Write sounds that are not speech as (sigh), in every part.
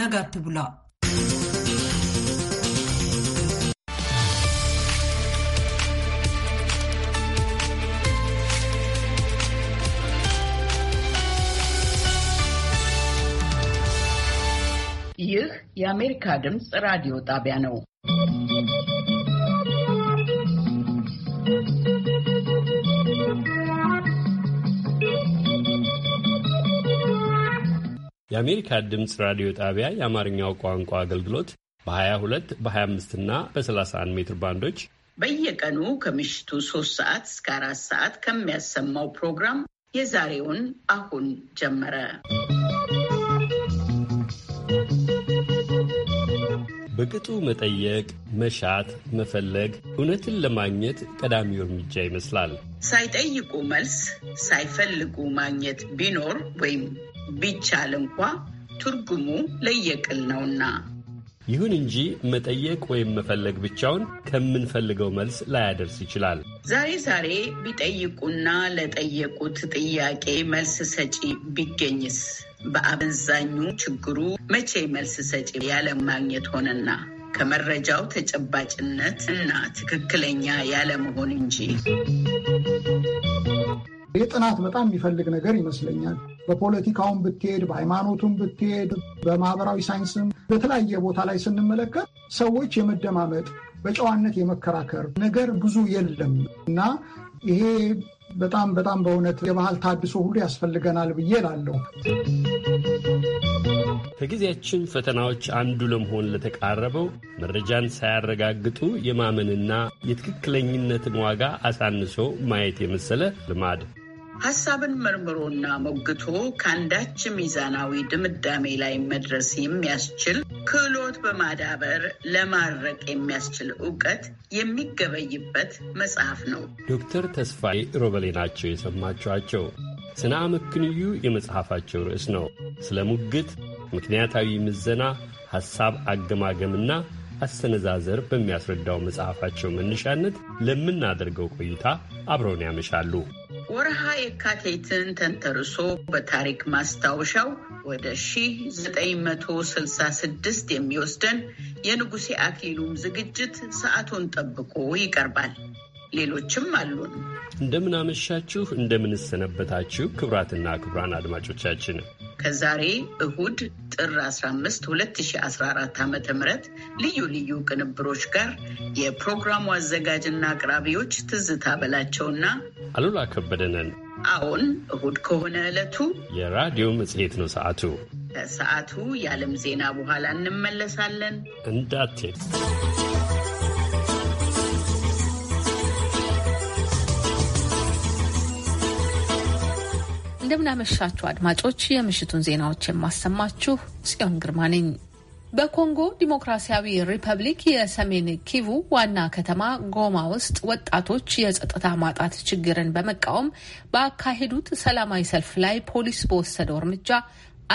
ነጋር ትብላ ይህ የአሜሪካ ድምፅ ራዲዮ ጣቢያ ነው። የአሜሪካ ድምፅ ራዲዮ ጣቢያ የአማርኛው ቋንቋ አገልግሎት በ22 በ25 እና በ31 ሜትር ባንዶች በየቀኑ ከምሽቱ 3 ሰዓት እስከ 4 ሰዓት ከሚያሰማው ፕሮግራም የዛሬውን አሁን ጀመረ። በቅጡ መጠየቅ፣ መሻት፣ መፈለግ እውነትን ለማግኘት ቀዳሚው እርምጃ ይመስላል። ሳይጠይቁ መልስ፣ ሳይፈልጉ ማግኘት ቢኖር ወይም ቢቻል እንኳ ትርጉሙ ለየቅል ነውና። ይሁን እንጂ መጠየቅ ወይም መፈለግ ብቻውን ከምንፈልገው መልስ ላያደርስ ይችላል። ዛሬ ዛሬ ቢጠይቁና ለጠየቁት ጥያቄ መልስ ሰጪ ቢገኝስ? በአብዛኙ ችግሩ መቼ መልስ ሰጪ ያለማግኘት ሆነና ከመረጃው ተጨባጭነት እና ትክክለኛ ያለመሆን እንጂ የጥናት በጣም የሚፈልግ ነገር ይመስለኛል። በፖለቲካውም ብትሄድ፣ በሃይማኖቱን ብትሄድ፣ በማህበራዊ ሳይንስም በተለያየ ቦታ ላይ ስንመለከት ሰዎች የመደማመጥ በጨዋነት የመከራከር ነገር ብዙ የለም እና ይሄ በጣም በጣም በእውነት የባህል ታድሶ ሁሉ ያስፈልገናል ብዬ እላለሁ። ከጊዜያችን ፈተናዎች አንዱ ለመሆን ለተቃረበው መረጃን ሳያረጋግጡ የማመንና የትክክለኝነትን ዋጋ አሳንሶ ማየት የመሰለ ልማድ ሀሳብን መርምሮና ሞግቶ ከአንዳች ሚዛናዊ ድምዳሜ ላይ መድረስ የሚያስችል ክህሎት በማዳበር ለማድረቅ የሚያስችል እውቀት የሚገበይበት መጽሐፍ ነው። ዶክተር ተስፋዬ ሮበሌ ናቸው የሰማችኋቸው። ስነ አመክንዩ የመጽሐፋቸው ርዕስ ነው። ስለ ሙግት፣ ምክንያታዊ ምዘና፣ ሐሳብ አገማገምና አሰነዛዘር በሚያስረዳው መጽሐፋቸው መነሻነት ለምናደርገው ቆይታ አብረውን ያመሻሉ። ወርሃ የካቴትን ተንተርሶ በታሪክ ማስታወሻው ወደ 1966 የሚወስደን የንጉሴ አክሊሉም ዝግጅት ሰዓቱን ጠብቆ ይቀርባል። ሌሎችም አሉን። እንደምናመሻችሁ፣ እንደምንሰነበታችሁ ክብራትና ክብራን አድማጮቻችን ከዛሬ እሁድ ጥር 15 2014 ዓ ም ልዩ ልዩ ቅንብሮች ጋር የፕሮግራሙ አዘጋጅና አቅራቢዎች ትዝታ በላቸውና አሉላ ከበደነን። አሁን እሁድ ከሆነ ዕለቱ የራዲዮ መጽሔት ነው። ሰዓቱ ከሰዓቱ የዓለም ዜና በኋላ እንመለሳለን። እንዳትሄድ እንደምናመሻችሁ አድማጮች፣ የምሽቱን ዜናዎች የማሰማችሁ ጽዮን ግርማ ነኝ። በኮንጎ ዲሞክራሲያዊ ሪፐብሊክ የሰሜን ኪቩ ዋና ከተማ ጎማ ውስጥ ወጣቶች የጸጥታ ማጣት ችግርን በመቃወም በአካሄዱት ሰላማዊ ሰልፍ ላይ ፖሊስ በወሰደው እርምጃ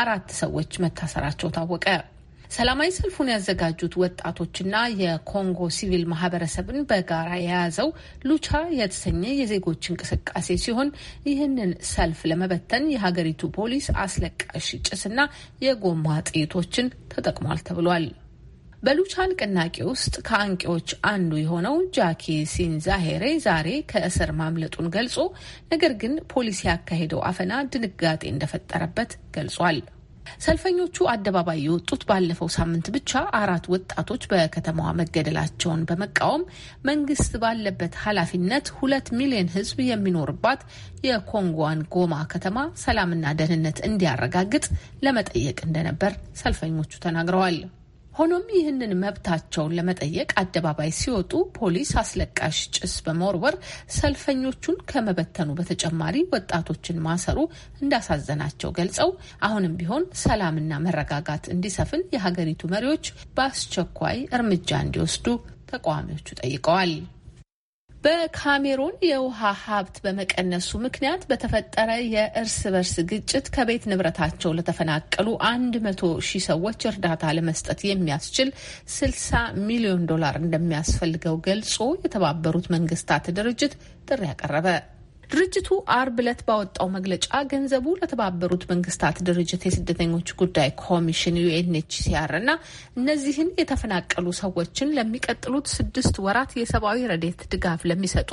አራት ሰዎች መታሰራቸው ታወቀ። ሰላማዊ ሰልፉን ያዘጋጁት ወጣቶችና የኮንጎ ሲቪል ማህበረሰብን በጋራ የያዘው ሉቻ የተሰኘ የዜጎች እንቅስቃሴ ሲሆን ይህንን ሰልፍ ለመበተን የሀገሪቱ ፖሊስ አስለቃሽ ጭስና የጎማ ጥይቶችን ተጠቅሟል ተብሏል። በሉቻ ንቅናቄ ውስጥ ከአንቂዎች አንዱ የሆነው ጃኪ ሲንዛሄሬ ዛሬ ከእስር ማምለጡን ገልጾ ነገር ግን ፖሊስ ያካሄደው አፈና ድንጋጤ እንደፈጠረበት ገልጿል። ሰልፈኞቹ አደባባይ የወጡት ባለፈው ሳምንት ብቻ አራት ወጣቶች በከተማዋ መገደላቸውን በመቃወም መንግስት ባለበት ኃላፊነት ሁለት ሚሊዮን ሕዝብ የሚኖርባት የኮንጓን ጎማ ከተማ ሰላምና ደህንነት እንዲያረጋግጥ ለመጠየቅ እንደነበር ሰልፈኞቹ ተናግረዋል። ሆኖም ይህንን መብታቸውን ለመጠየቅ አደባባይ ሲወጡ ፖሊስ አስለቃሽ ጭስ በመወርወር ሰልፈኞቹን ከመበተኑ በተጨማሪ ወጣቶችን ማሰሩ እንዳሳዘናቸው ገልጸው አሁንም ቢሆን ሰላምና መረጋጋት እንዲሰፍን የሀገሪቱ መሪዎች በአስቸኳይ እርምጃ እንዲወስዱ ተቃዋሚዎቹ ጠይቀዋል። በካሜሩን የውሃ ሀብት በመቀነሱ ምክንያት በተፈጠረ የእርስ በርስ ግጭት ከቤት ንብረታቸው ለተፈናቀሉ አንድ መቶ ሺህ ሰዎች እርዳታ ለመስጠት የሚያስችል ስልሳ ሚሊዮን ዶላር እንደሚያስፈልገው ገልጾ የተባበሩት መንግስታት ድርጅት ጥሪ ያቀረበ ድርጅቱ አርብ ዕለት ባወጣው መግለጫ ገንዘቡ ለተባበሩት መንግስታት ድርጅት የስደተኞች ጉዳይ ኮሚሽን ዩኤንኤችሲአር እና እነዚህን የተፈናቀሉ ሰዎችን ለሚቀጥሉት ስድስት ወራት የሰብአዊ ረዴት ድጋፍ ለሚሰጡ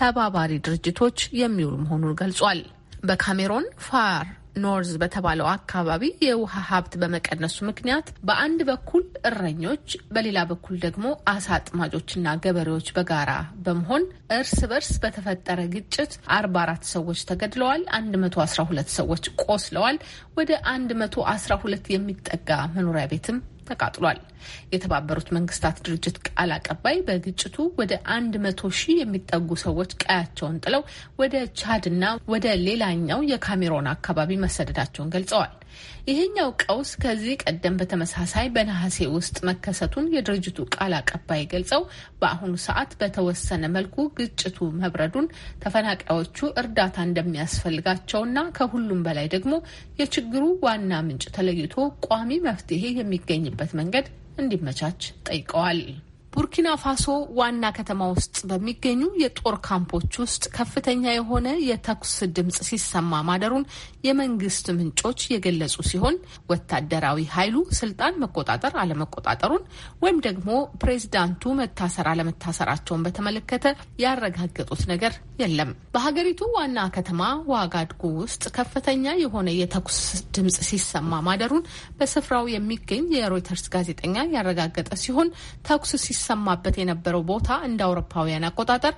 ተባባሪ ድርጅቶች የሚውል መሆኑን ገልጿል። በካሜሮን ፋር ኖርዝ በተባለው አካባቢ የውሃ ሀብት በመቀነሱ ምክንያት በአንድ በኩል እረኞች፣ በሌላ በኩል ደግሞ አሳ አጥማጆችና ገበሬዎች በጋራ በመሆን እርስ በርስ በተፈጠረ ግጭት 44 ሰዎች ተገድለዋል፣ 112 ሰዎች ቆስለዋል፣ ወደ 112 የሚጠጋ መኖሪያ ቤትም ተቃጥሏል። የተባበሩት መንግስታት ድርጅት ቃል አቀባይ በግጭቱ ወደ አንድ መቶ ሺህ የሚጠጉ ሰዎች ቀያቸውን ጥለው ወደ ቻድና ወደ ሌላኛው የካሜሮን አካባቢ መሰደዳቸውን ገልጸዋል። ይሄኛው ቀውስ ከዚህ ቀደም በተመሳሳይ በነሐሴ ውስጥ መከሰቱን የድርጅቱ ቃል አቀባይ ገልጸው በአሁኑ ሰዓት በተወሰነ መልኩ ግጭቱ መብረዱን፣ ተፈናቃዮቹ እርዳታ እንደሚያስፈልጋቸውና ከሁሉም በላይ ደግሞ የችግሩ ዋና ምንጭ ተለይቶ ቋሚ መፍትሄ የሚገኝበት መንገድ እንዲመቻች ጠይቀዋል። ቡርኪና ፋሶ ዋና ከተማ ውስጥ በሚገኙ የጦር ካምፖች ውስጥ ከፍተኛ የሆነ የተኩስ ድምጽ ሲሰማ ማደሩን የመንግስት ምንጮች የገለጹ ሲሆን ወታደራዊ ኃይሉ ስልጣን መቆጣጠር አለመቆጣጠሩን ወይም ደግሞ ፕሬዚዳንቱ መታሰር አለመታሰራቸውን በተመለከተ ያረጋገጡት ነገር የለም። በሀገሪቱ ዋና ከተማ ዋጋድጉ ውስጥ ከፍተኛ የሆነ የተኩስ ድምጽ ሲሰማ ማደሩን በስፍራው የሚገኝ የሮይተርስ ጋዜጠኛ ያረጋገጠ ሲሆን ተኩስ ሲሰማበት የነበረው ቦታ እንደ አውሮፓውያን አቆጣጠር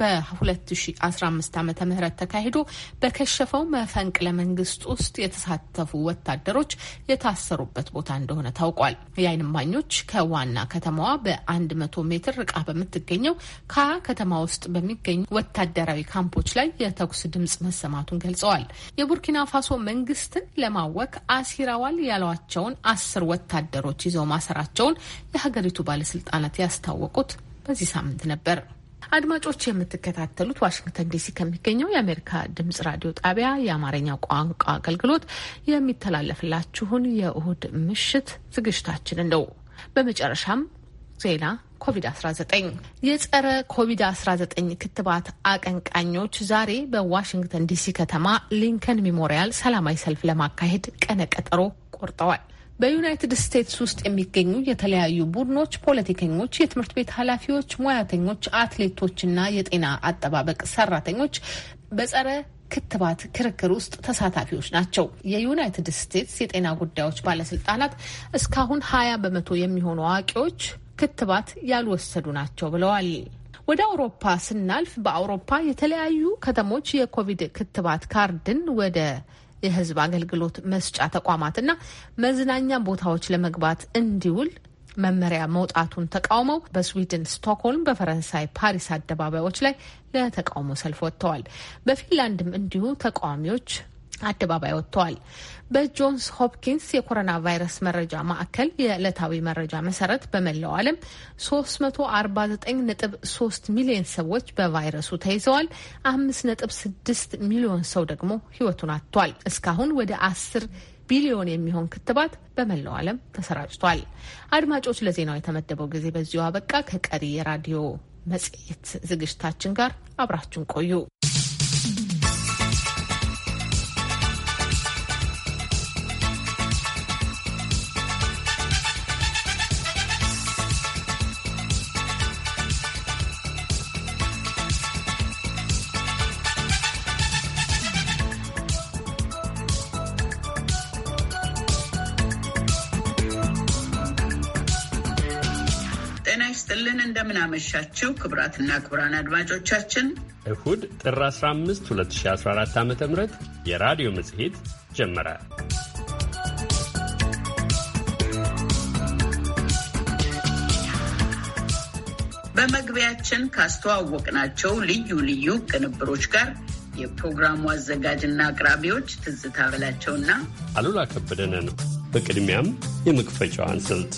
በ2015 ዓመተ ምህረት ተካሂዶ በከሸፈው መፈንቅለ መንግስት ውስጥ የተሳተፉ ወታደሮች የታሰሩበት ቦታ እንደሆነ ታውቋል። የአይን እማኞች ከዋና ከተማዋ በ100 ሜትር ርቃ በምትገኘው ከ ከተማ ውስጥ በሚገኙ ወታደራዊ ካምፖች ላይ የተኩስ ድምጽ መሰማቱን ገልጸዋል። የቡርኪና ፋሶ መንግስትን ለማወክ አሲራዋል ያሏቸውን አስር ወታደሮች ይዘው ማሰራቸውን የሀገሪቱ ባለስልጣናት ያስታወቁት በዚህ ሳምንት ነበር። አድማጮች የምትከታተሉት ዋሽንግተን ዲሲ ከሚገኘው የአሜሪካ ድምጽ ራዲዮ ጣቢያ የአማርኛ ቋንቋ አገልግሎት የሚተላለፍላችሁን የእሁድ ምሽት ዝግጅታችንን ነው። በመጨረሻም ዜና ኮቪድ-19 የጸረ ኮቪድ-19 ክትባት አቀንቃኞች ዛሬ በዋሽንግተን ዲሲ ከተማ ሊንከን ሜሞሪያል ሰላማዊ ሰልፍ ለማካሄድ ቀነ ቀጠሮ ቆርጠዋል። በዩናይትድ ስቴትስ ውስጥ የሚገኙ የተለያዩ ቡድኖች፣ ፖለቲከኞች፣ የትምህርት ቤት ኃላፊዎች፣ ሙያተኞች፣ አትሌቶችና የጤና አጠባበቅ ሰራተኞች በጸረ ክትባት ክርክር ውስጥ ተሳታፊዎች ናቸው። የዩናይትድ ስቴትስ የጤና ጉዳዮች ባለስልጣናት እስካሁን ሀያ በመቶ የሚሆኑ አዋቂዎች ክትባት ያልወሰዱ ናቸው ብለዋል። ወደ አውሮፓ ስናልፍ በአውሮፓ የተለያዩ ከተሞች የኮቪድ ክትባት ካርድን ወደ የህዝብ አገልግሎት መስጫ ተቋማትና መዝናኛ ቦታዎች ለመግባት እንዲውል መመሪያ መውጣቱን ተቃውመው በስዊድን ስቶክሆልም፣ በፈረንሳይ ፓሪስ አደባባዮች ላይ ለተቃውሞ ሰልፍ ወጥተዋል። በፊንላንድም እንዲሁ ተቃዋሚዎች አደባባይ ወጥተዋል። በጆንስ ሆፕኪንስ የኮሮና ቫይረስ መረጃ ማዕከል የዕለታዊ መረጃ መሰረት በመላው ዓለም 349.3 ሚሊዮን ሰዎች በቫይረሱ ተይዘዋል። 5.6 ሚሊዮን ሰው ደግሞ ሕይወቱን አጥቷል። እስካሁን ወደ 10 ቢሊዮን የሚሆን ክትባት በመላው ዓለም ተሰራጭቷል። አድማጮች፣ ለዜናው የተመደበው ጊዜ በዚሁ አበቃ። ከቀሪ የራዲዮ መጽሔት ዝግጅታችን ጋር አብራችሁን ቆዩ። እንደምን እንደምን ክብራትና ክቡራትና ክቡራን አድማጮቻችን እሁድ ጥር 15 2014 ዓ ም የራዲዮ መጽሔት ጀመረ። በመግቢያችን ካስተዋወቅናቸው ልዩ ልዩ ቅንብሮች ጋር የፕሮግራሙ አዘጋጅና አቅራቢዎች ትዝታ በላቸውና አሉላ ከበደ ነን። በቅድሚያም የመክፈቻዋን ስልት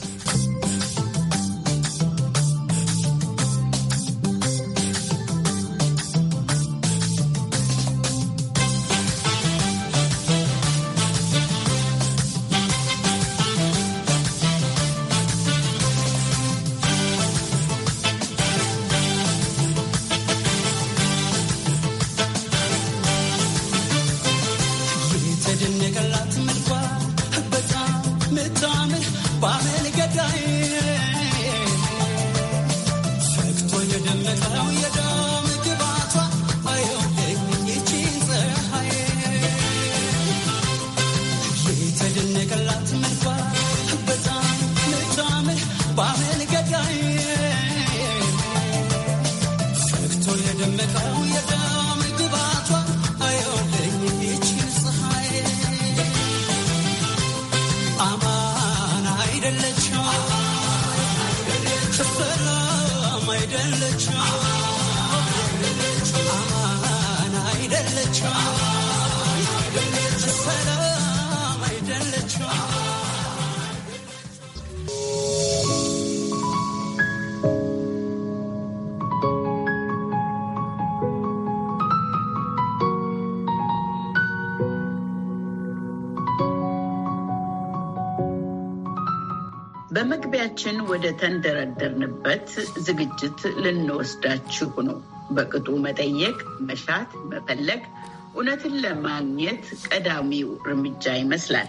ወደ ተንደረደርንበት ዝግጅት ልንወስዳችሁ ነው። በቅጡ መጠየቅ፣ መሻት፣ መፈለግ እውነትን ለማግኘት ቀዳሚው እርምጃ ይመስላል።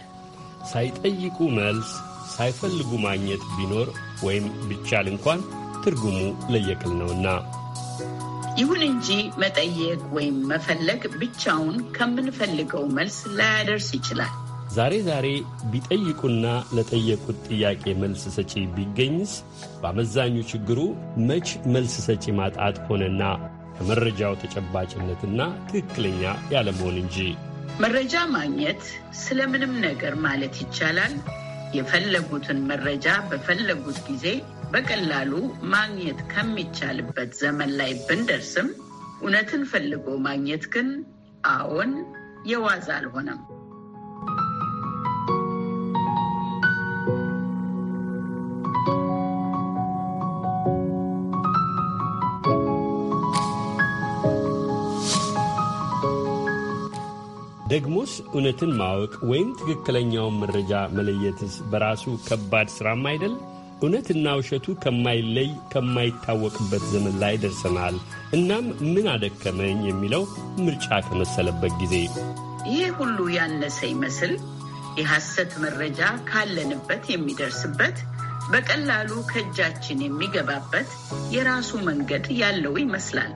ሳይጠይቁ መልስ ሳይፈልጉ ማግኘት ቢኖር ወይም ቢቻል እንኳን ትርጉሙ ለየቅል ነውና ይሁን እንጂ መጠየቅ ወይም መፈለግ ብቻውን ከምንፈልገው መልስ ላያደርስ ይችላል። ዛሬ ዛሬ ቢጠይቁና ለጠየቁት ጥያቄ መልስ ሰጪ ቢገኝስ በአመዛኙ ችግሩ መች መልስ ሰጪ ማጣት ሆነና ከመረጃው ተጨባጭነትና ትክክለኛ ያለመሆን እንጂ። መረጃ ማግኘት ስለምንም ነገር ማለት ይቻላል የፈለጉትን መረጃ በፈለጉት ጊዜ በቀላሉ ማግኘት ከሚቻልበት ዘመን ላይ ብንደርስም እውነትን ፈልጎ ማግኘት ግን አዎን የዋዛ አልሆነም። ደግሞስ እውነትን ማወቅ ወይም ትክክለኛውን መረጃ መለየትስ በራሱ ከባድ ሥራም አይደል? እውነትና ውሸቱ ከማይለይ ከማይታወቅበት ዘመን ላይ ደርሰናል። እናም ምን አደከመኝ የሚለው ምርጫ ከመሰለበት ጊዜ ይህ ሁሉ ያነሰ ይመስል የሐሰት መረጃ ካለንበት የሚደርስበት በቀላሉ ከእጃችን የሚገባበት የራሱ መንገድ ያለው ይመስላል።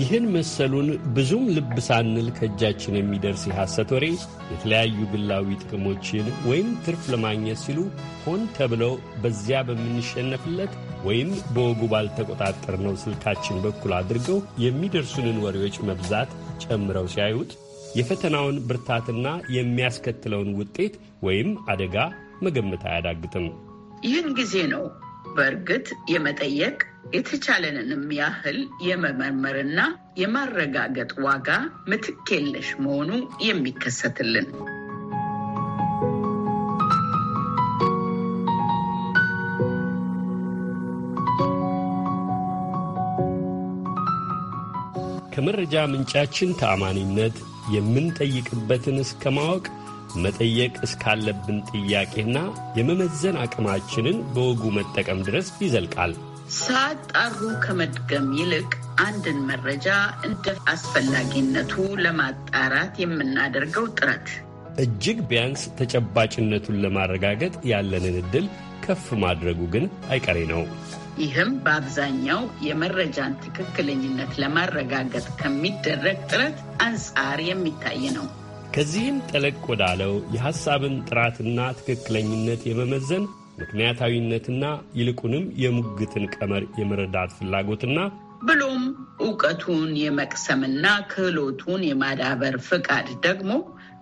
ይህን መሰሉን ብዙም ልብ ሳንል ከእጃችን የሚደርስ የሐሰት ወሬ የተለያዩ ግላዊ ጥቅሞችን ወይም ትርፍ ለማግኘት ሲሉ ሆን ተብለው በዚያ በምንሸነፍለት ወይም በወጉ ባልተቆጣጠርነው ስልካችን በኩል አድርገው የሚደርሱንን ወሬዎች መብዛት ጨምረው ሲያዩት የፈተናውን ብርታትና የሚያስከትለውን ውጤት ወይም አደጋ መገመት አያዳግትም። ይህን ጊዜ ነው በእርግጥ የመጠየቅ የተቻለንንም ያህል የመመርመርና የማረጋገጥ ዋጋ ምትክ የለሽ መሆኑ የሚከሰትልን ከመረጃ ምንጫችን ተአማኒነት የምንጠይቅበትን እስከ ማወቅ መጠየቅ እስካለብን ጥያቄና የመመዘን አቅማችንን በወጉ መጠቀም ድረስ ይዘልቃል። ሳጣሩ ከመድገም ይልቅ አንድን መረጃ እንደ አስፈላጊነቱ ለማጣራት የምናደርገው ጥረት እጅግ ቢያንስ ተጨባጭነቱን ለማረጋገጥ ያለንን እድል ከፍ ማድረጉ ግን አይቀሬ ነው። ይህም በአብዛኛው የመረጃን ትክክለኝነት ለማረጋገጥ ከሚደረግ ጥረት አንጻር የሚታይ ነው። ከዚህም ጠለቅ ወዳለው የሐሳብን ጥራትና ትክክለኝነት የመመዘን ምክንያታዊነትና ይልቁንም የሙግትን ቀመር የመረዳት ፍላጎትና ብሎም እውቀቱን የመቅሰምና ክህሎቱን የማዳበር ፍቃድ ደግሞ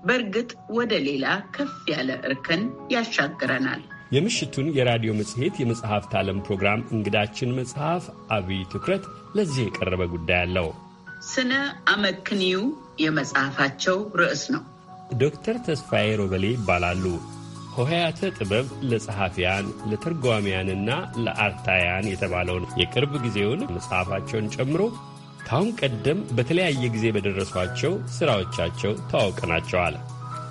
በእርግጥ ወደ ሌላ ከፍ ያለ እርከን ያሻግረናል። የምሽቱን የራዲዮ መጽሔት የመጽሐፍት ዓለም ፕሮግራም እንግዳችን መጽሐፍ አብይ ትኩረት ለዚህ የቀረበ ጉዳይ አለው። ስነ አመክንዩ የመጽሐፋቸው ርዕስ ነው። ዶክተር ተስፋዬ ሮበሌ ይባላሉ። ሆሄያተ ጥበብ ለጸሐፊያን ለተርጓሚያንና ለአርታያን የተባለውን የቅርብ ጊዜውን መጽሐፋቸውን ጨምሮ ከአሁን ቀደም በተለያየ ጊዜ በደረሷቸው ሥራዎቻቸው ተዋውቀናቸዋል።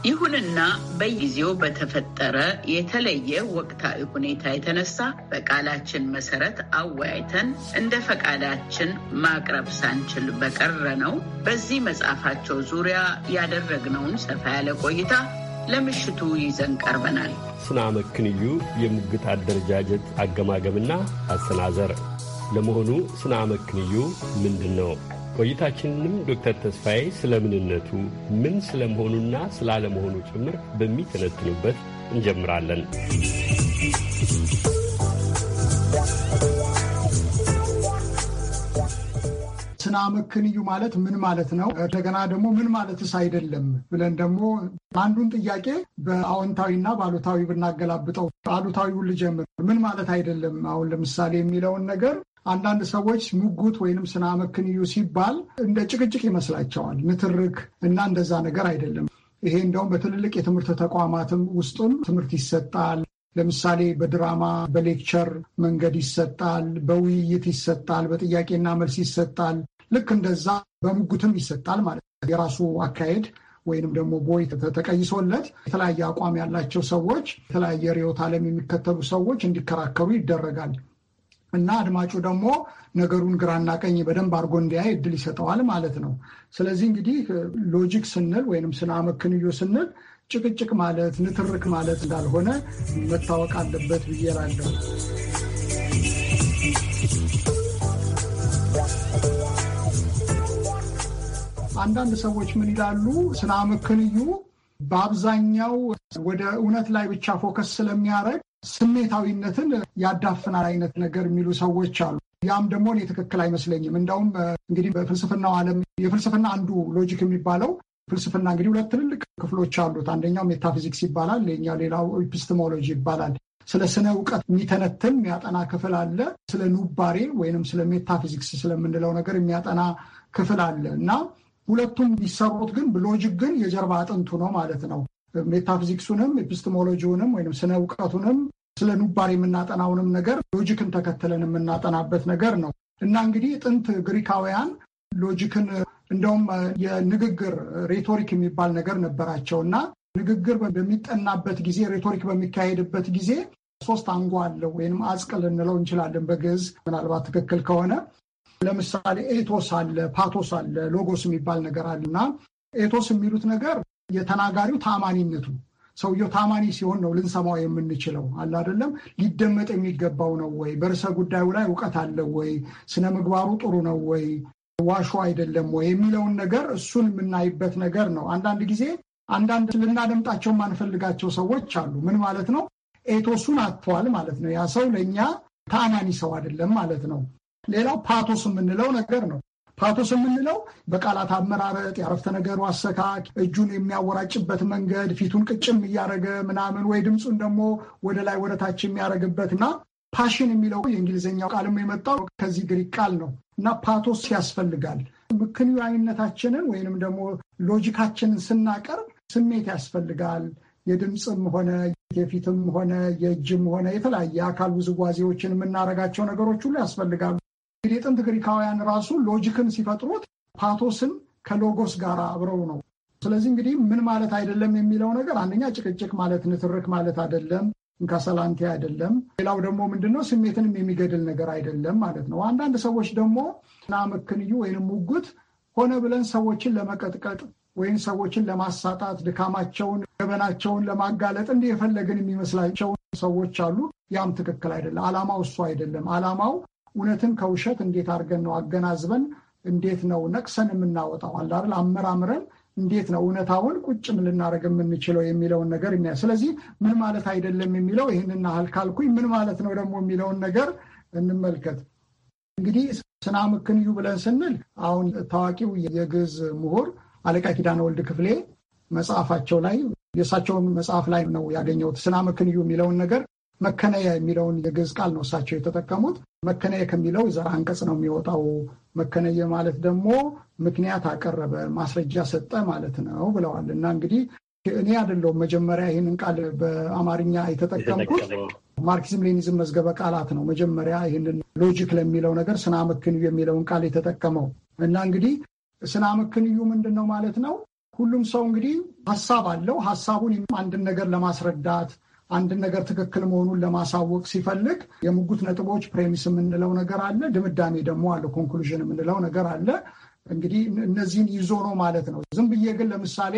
ይሁንና በጊዜው በተፈጠረ የተለየ ወቅታዊ ሁኔታ የተነሳ በቃላችን መሰረት አወያይተን እንደ ፈቃዳችን ማቅረብ ሳንችል በቀረ ነው። በዚህ መጽሐፋቸው ዙሪያ ያደረግነውን ሰፋ ያለ ቆይታ ለምሽቱ ይዘን ቀርበናል። ስናመክንዩ መክንዩ የሙግት አደረጃጀት አገማገምና አሰናዘር። ለመሆኑ ስናመክንዩ ምንድን ነው? ቆይታችንንም ዶክተር ተስፋዬ ስለ ምንነቱ ምን ስለመሆኑና ስላለመሆኑ ጭምር በሚተነትኑበት እንጀምራለን። ስነ አመክንዩ ማለት ምን ማለት ነው? እንደገና ደግሞ ምን ማለትስ አይደለም ብለን ደግሞ አንዱን ጥያቄ በአዎንታዊና በአሉታዊ ብናገላብጠው፣ አሉታዊውን ልጀምር። ምን ማለት አይደለም አሁን ለምሳሌ የሚለውን ነገር አንዳንድ ሰዎች ሙጉት ወይንም ስነ ሲባል እንደ ጭቅጭቅ ይመስላቸዋል፣ ንትርክ እና እንደዛ ነገር አይደለም። ይሄ እንደውም በትልልቅ የትምህርት ተቋማትም ውስጡም ትምህርት ይሰጣል። ለምሳሌ በድራማ በሌክቸር መንገድ ይሰጣል፣ በውይይት ይሰጣል፣ በጥያቄና መልስ ይሰጣል። ልክ እንደዛ በሙጉትም ይሰጣል ማለት ነው። የራሱ አካሄድ ወይንም ደግሞ ቦይ ተቀይሶለት የተለያየ አቋም ያላቸው ሰዎች የተለያየ ርዕዮተ ዓለም የሚከተሉ ሰዎች እንዲከራከሩ ይደረጋል። እና አድማጩ ደግሞ ነገሩን ግራና ቀኝ በደንብ አድርጎ እንዲያይ እድል ይሰጠዋል ማለት ነው። ስለዚህ እንግዲህ ሎጂክ ስንል ወይም ስነ አመክንዮ ስንል ጭቅጭቅ ማለት ንትርክ ማለት እንዳልሆነ መታወቅ አለበት ብዬ እላለሁ። አንዳንድ ሰዎች ምን ይላሉ? ስነ አመክንዩ በአብዛኛው ወደ እውነት ላይ ብቻ ፎከስ ስለሚያደርግ ስሜታዊነትን ያዳፍናል አይነት ነገር የሚሉ ሰዎች አሉ። ያም ደግሞ እኔ ትክክል አይመስለኝም። እንደውም እንግዲህ በፍልስፍናው ዓለም የፍልስፍና አንዱ ሎጂክ የሚባለው ፍልስፍና እንግዲህ ሁለት ትልልቅ ክፍሎች አሉት። አንደኛው ሜታፊዚክስ ይባላል፣ ሌኛ ሌላው ኢፒስቴሞሎጂ ይባላል። ስለ ስነ እውቀት የሚተነትን የሚያጠና ክፍል አለ። ስለ ኑባሬ ወይንም ስለ ሜታፊዚክስ ስለምንለው ነገር የሚያጠና ክፍል አለ እና ሁለቱም ቢሰሩት ግን ሎጂክ ግን የጀርባ አጥንቱ ነው ማለት ነው። ሜታፊዚክሱንም ኤፒስቴሞሎጂውንም ወይም ስነ እውቀቱንም ስለ ኑባር የምናጠናውንም ነገር ሎጂክን ተከትለን የምናጠናበት ነገር ነው እና እንግዲህ ጥንት ግሪካውያን ሎጂክን እንደውም የንግግር ሬቶሪክ የሚባል ነገር ነበራቸው እና ንግግር በሚጠናበት ጊዜ ሬቶሪክ በሚካሄድበት ጊዜ ሶስት አንጎ አለው ወይም አጽቅ ልንለው እንችላለን በግዕዝ ምናልባት ትክክል ከሆነ ለምሳሌ ኤቶስ አለ ፓቶስ አለ ሎጎስ የሚባል ነገር አለ እና ኤቶስ የሚሉት ነገር የተናጋሪው ታማኒነቱ ሰውየው ታማኒ ሲሆን ነው ልንሰማው የምንችለው። አለ አይደለም ሊደመጥ የሚገባው ነው ወይ? በርዕሰ ጉዳዩ ላይ እውቀት አለው ወይ? ስነ ምግባሩ ጥሩ ነው ወይ? ዋሾ አይደለም ወይ? የሚለውን ነገር እሱን የምናይበት ነገር ነው። አንዳንድ ጊዜ አንዳንድ ልናደምጣቸው የማንፈልጋቸው ሰዎች አሉ። ምን ማለት ነው? ኤቶሱን አጥተዋል ማለት ነው። ያ ሰው ለእኛ ታማኒ ሰው አይደለም ማለት ነው። ሌላው ፓቶስ የምንለው ነገር ነው። ፓቶስ የምንለው በቃላት አመራረጥ፣ የአረፍተ ነገሩ አሰካክ፣ እጁን የሚያወራጭበት መንገድ፣ ፊቱን ቅጭም እያደረገ ምናምን ወይ ድምፁን ደግሞ ወደ ላይ ወደታች የሚያደረግበት እና ፓሽን የሚለው የእንግሊዝኛው ቃልም የመጣው ከዚህ ግሪክ ቃል ነው እና ፓቶስ ያስፈልጋል። ምክንያታችንን ወይንም ደግሞ ሎጂካችንን ስናቀርብ ስሜት ያስፈልጋል። የድምፅም ሆነ የፊትም ሆነ የእጅም ሆነ የተለያየ አካል ውዝዋዜዎችን የምናደርጋቸው ነገሮች ሁሉ ያስፈልጋሉ። የጥንት ግሪካውያን ራሱ ሎጂክን ሲፈጥሩት ፓቶስን ከሎጎስ ጋር አብረው ነው። ስለዚህ እንግዲህ ምን ማለት አይደለም የሚለው ነገር አንደኛ ጭቅጭቅ ማለት ንትርክ ማለት አይደለም፣ እንካሰላንቲ አይደለም። ሌላው ደግሞ ምንድነው ስሜትንም የሚገድል ነገር አይደለም ማለት ነው። አንዳንድ ሰዎች ደግሞ ናምክንዩ ወይንም ሙጉት ሆነ ብለን ሰዎችን ለመቀጥቀጥ ወይም ሰዎችን ለማሳጣት ድካማቸውን፣ ገበናቸውን ለማጋለጥ እንዲህ የፈለግን የሚመስላቸው ሰዎች አሉ። ያም ትክክል አይደለም። አላማው እሱ አይደለም። አላማው እውነትን ከውሸት እንዴት አድርገን ነው አገናዝበን እንዴት ነው ነቅሰን የምናወጣው አላል አመራምረን እንዴት ነው እውነታውን ቁጭም ልናደርግ የምንችለው የሚለውን ነገር የሚያ ስለዚህ ምን ማለት አይደለም የሚለው ይህን ያህል ካልኩኝ ምን ማለት ነው ደግሞ የሚለውን ነገር እንመልከት። እንግዲህ ስነ አመክንዮ ብለን ስንል አሁን ታዋቂው የግዕዝ ምሁር አለቃ ኪዳነ ወልድ ክፍሌ መጽሐፋቸው ላይ የእሳቸውን መጽሐፍ ላይ ነው ያገኘሁት ስነ አመክንዮ የሚለውን ነገር መከነያ የሚለውን የግዕዝ ቃል ነው እሳቸው የተጠቀሙት። መከነየ ከሚለው ዘራ አንቀጽ ነው የሚወጣው። መከነየ ማለት ደግሞ ምክንያት አቀረበ፣ ማስረጃ ሰጠ ማለት ነው ብለዋል። እና እንግዲህ እኔ አይደለሁም መጀመሪያ ይህንን ቃል በአማርኛ የተጠቀምኩት ማርክሲዝም ሌኒዝም መዝገበ ቃላት ነው መጀመሪያ ይህንን ሎጂክ ለሚለው ነገር ስና መክንዩ የሚለውን ቃል የተጠቀመው እና እንግዲህ ስና አመክንዩ ምንድን ነው ማለት ነው? ሁሉም ሰው እንግዲህ ሀሳብ አለው። ሀሳቡን አንድን ነገር ለማስረዳት አንድን ነገር ትክክል መሆኑን ለማሳወቅ ሲፈልግ የምጉት ነጥቦች ፕሬሚስ የምንለው ነገር አለ፣ ድምዳሜ ደግሞ አለ፣ ኮንክሉዥን የምንለው ነገር አለ። እንግዲህ እነዚህን ይዞ ነው ማለት ነው። ዝም ብዬ ግን ለምሳሌ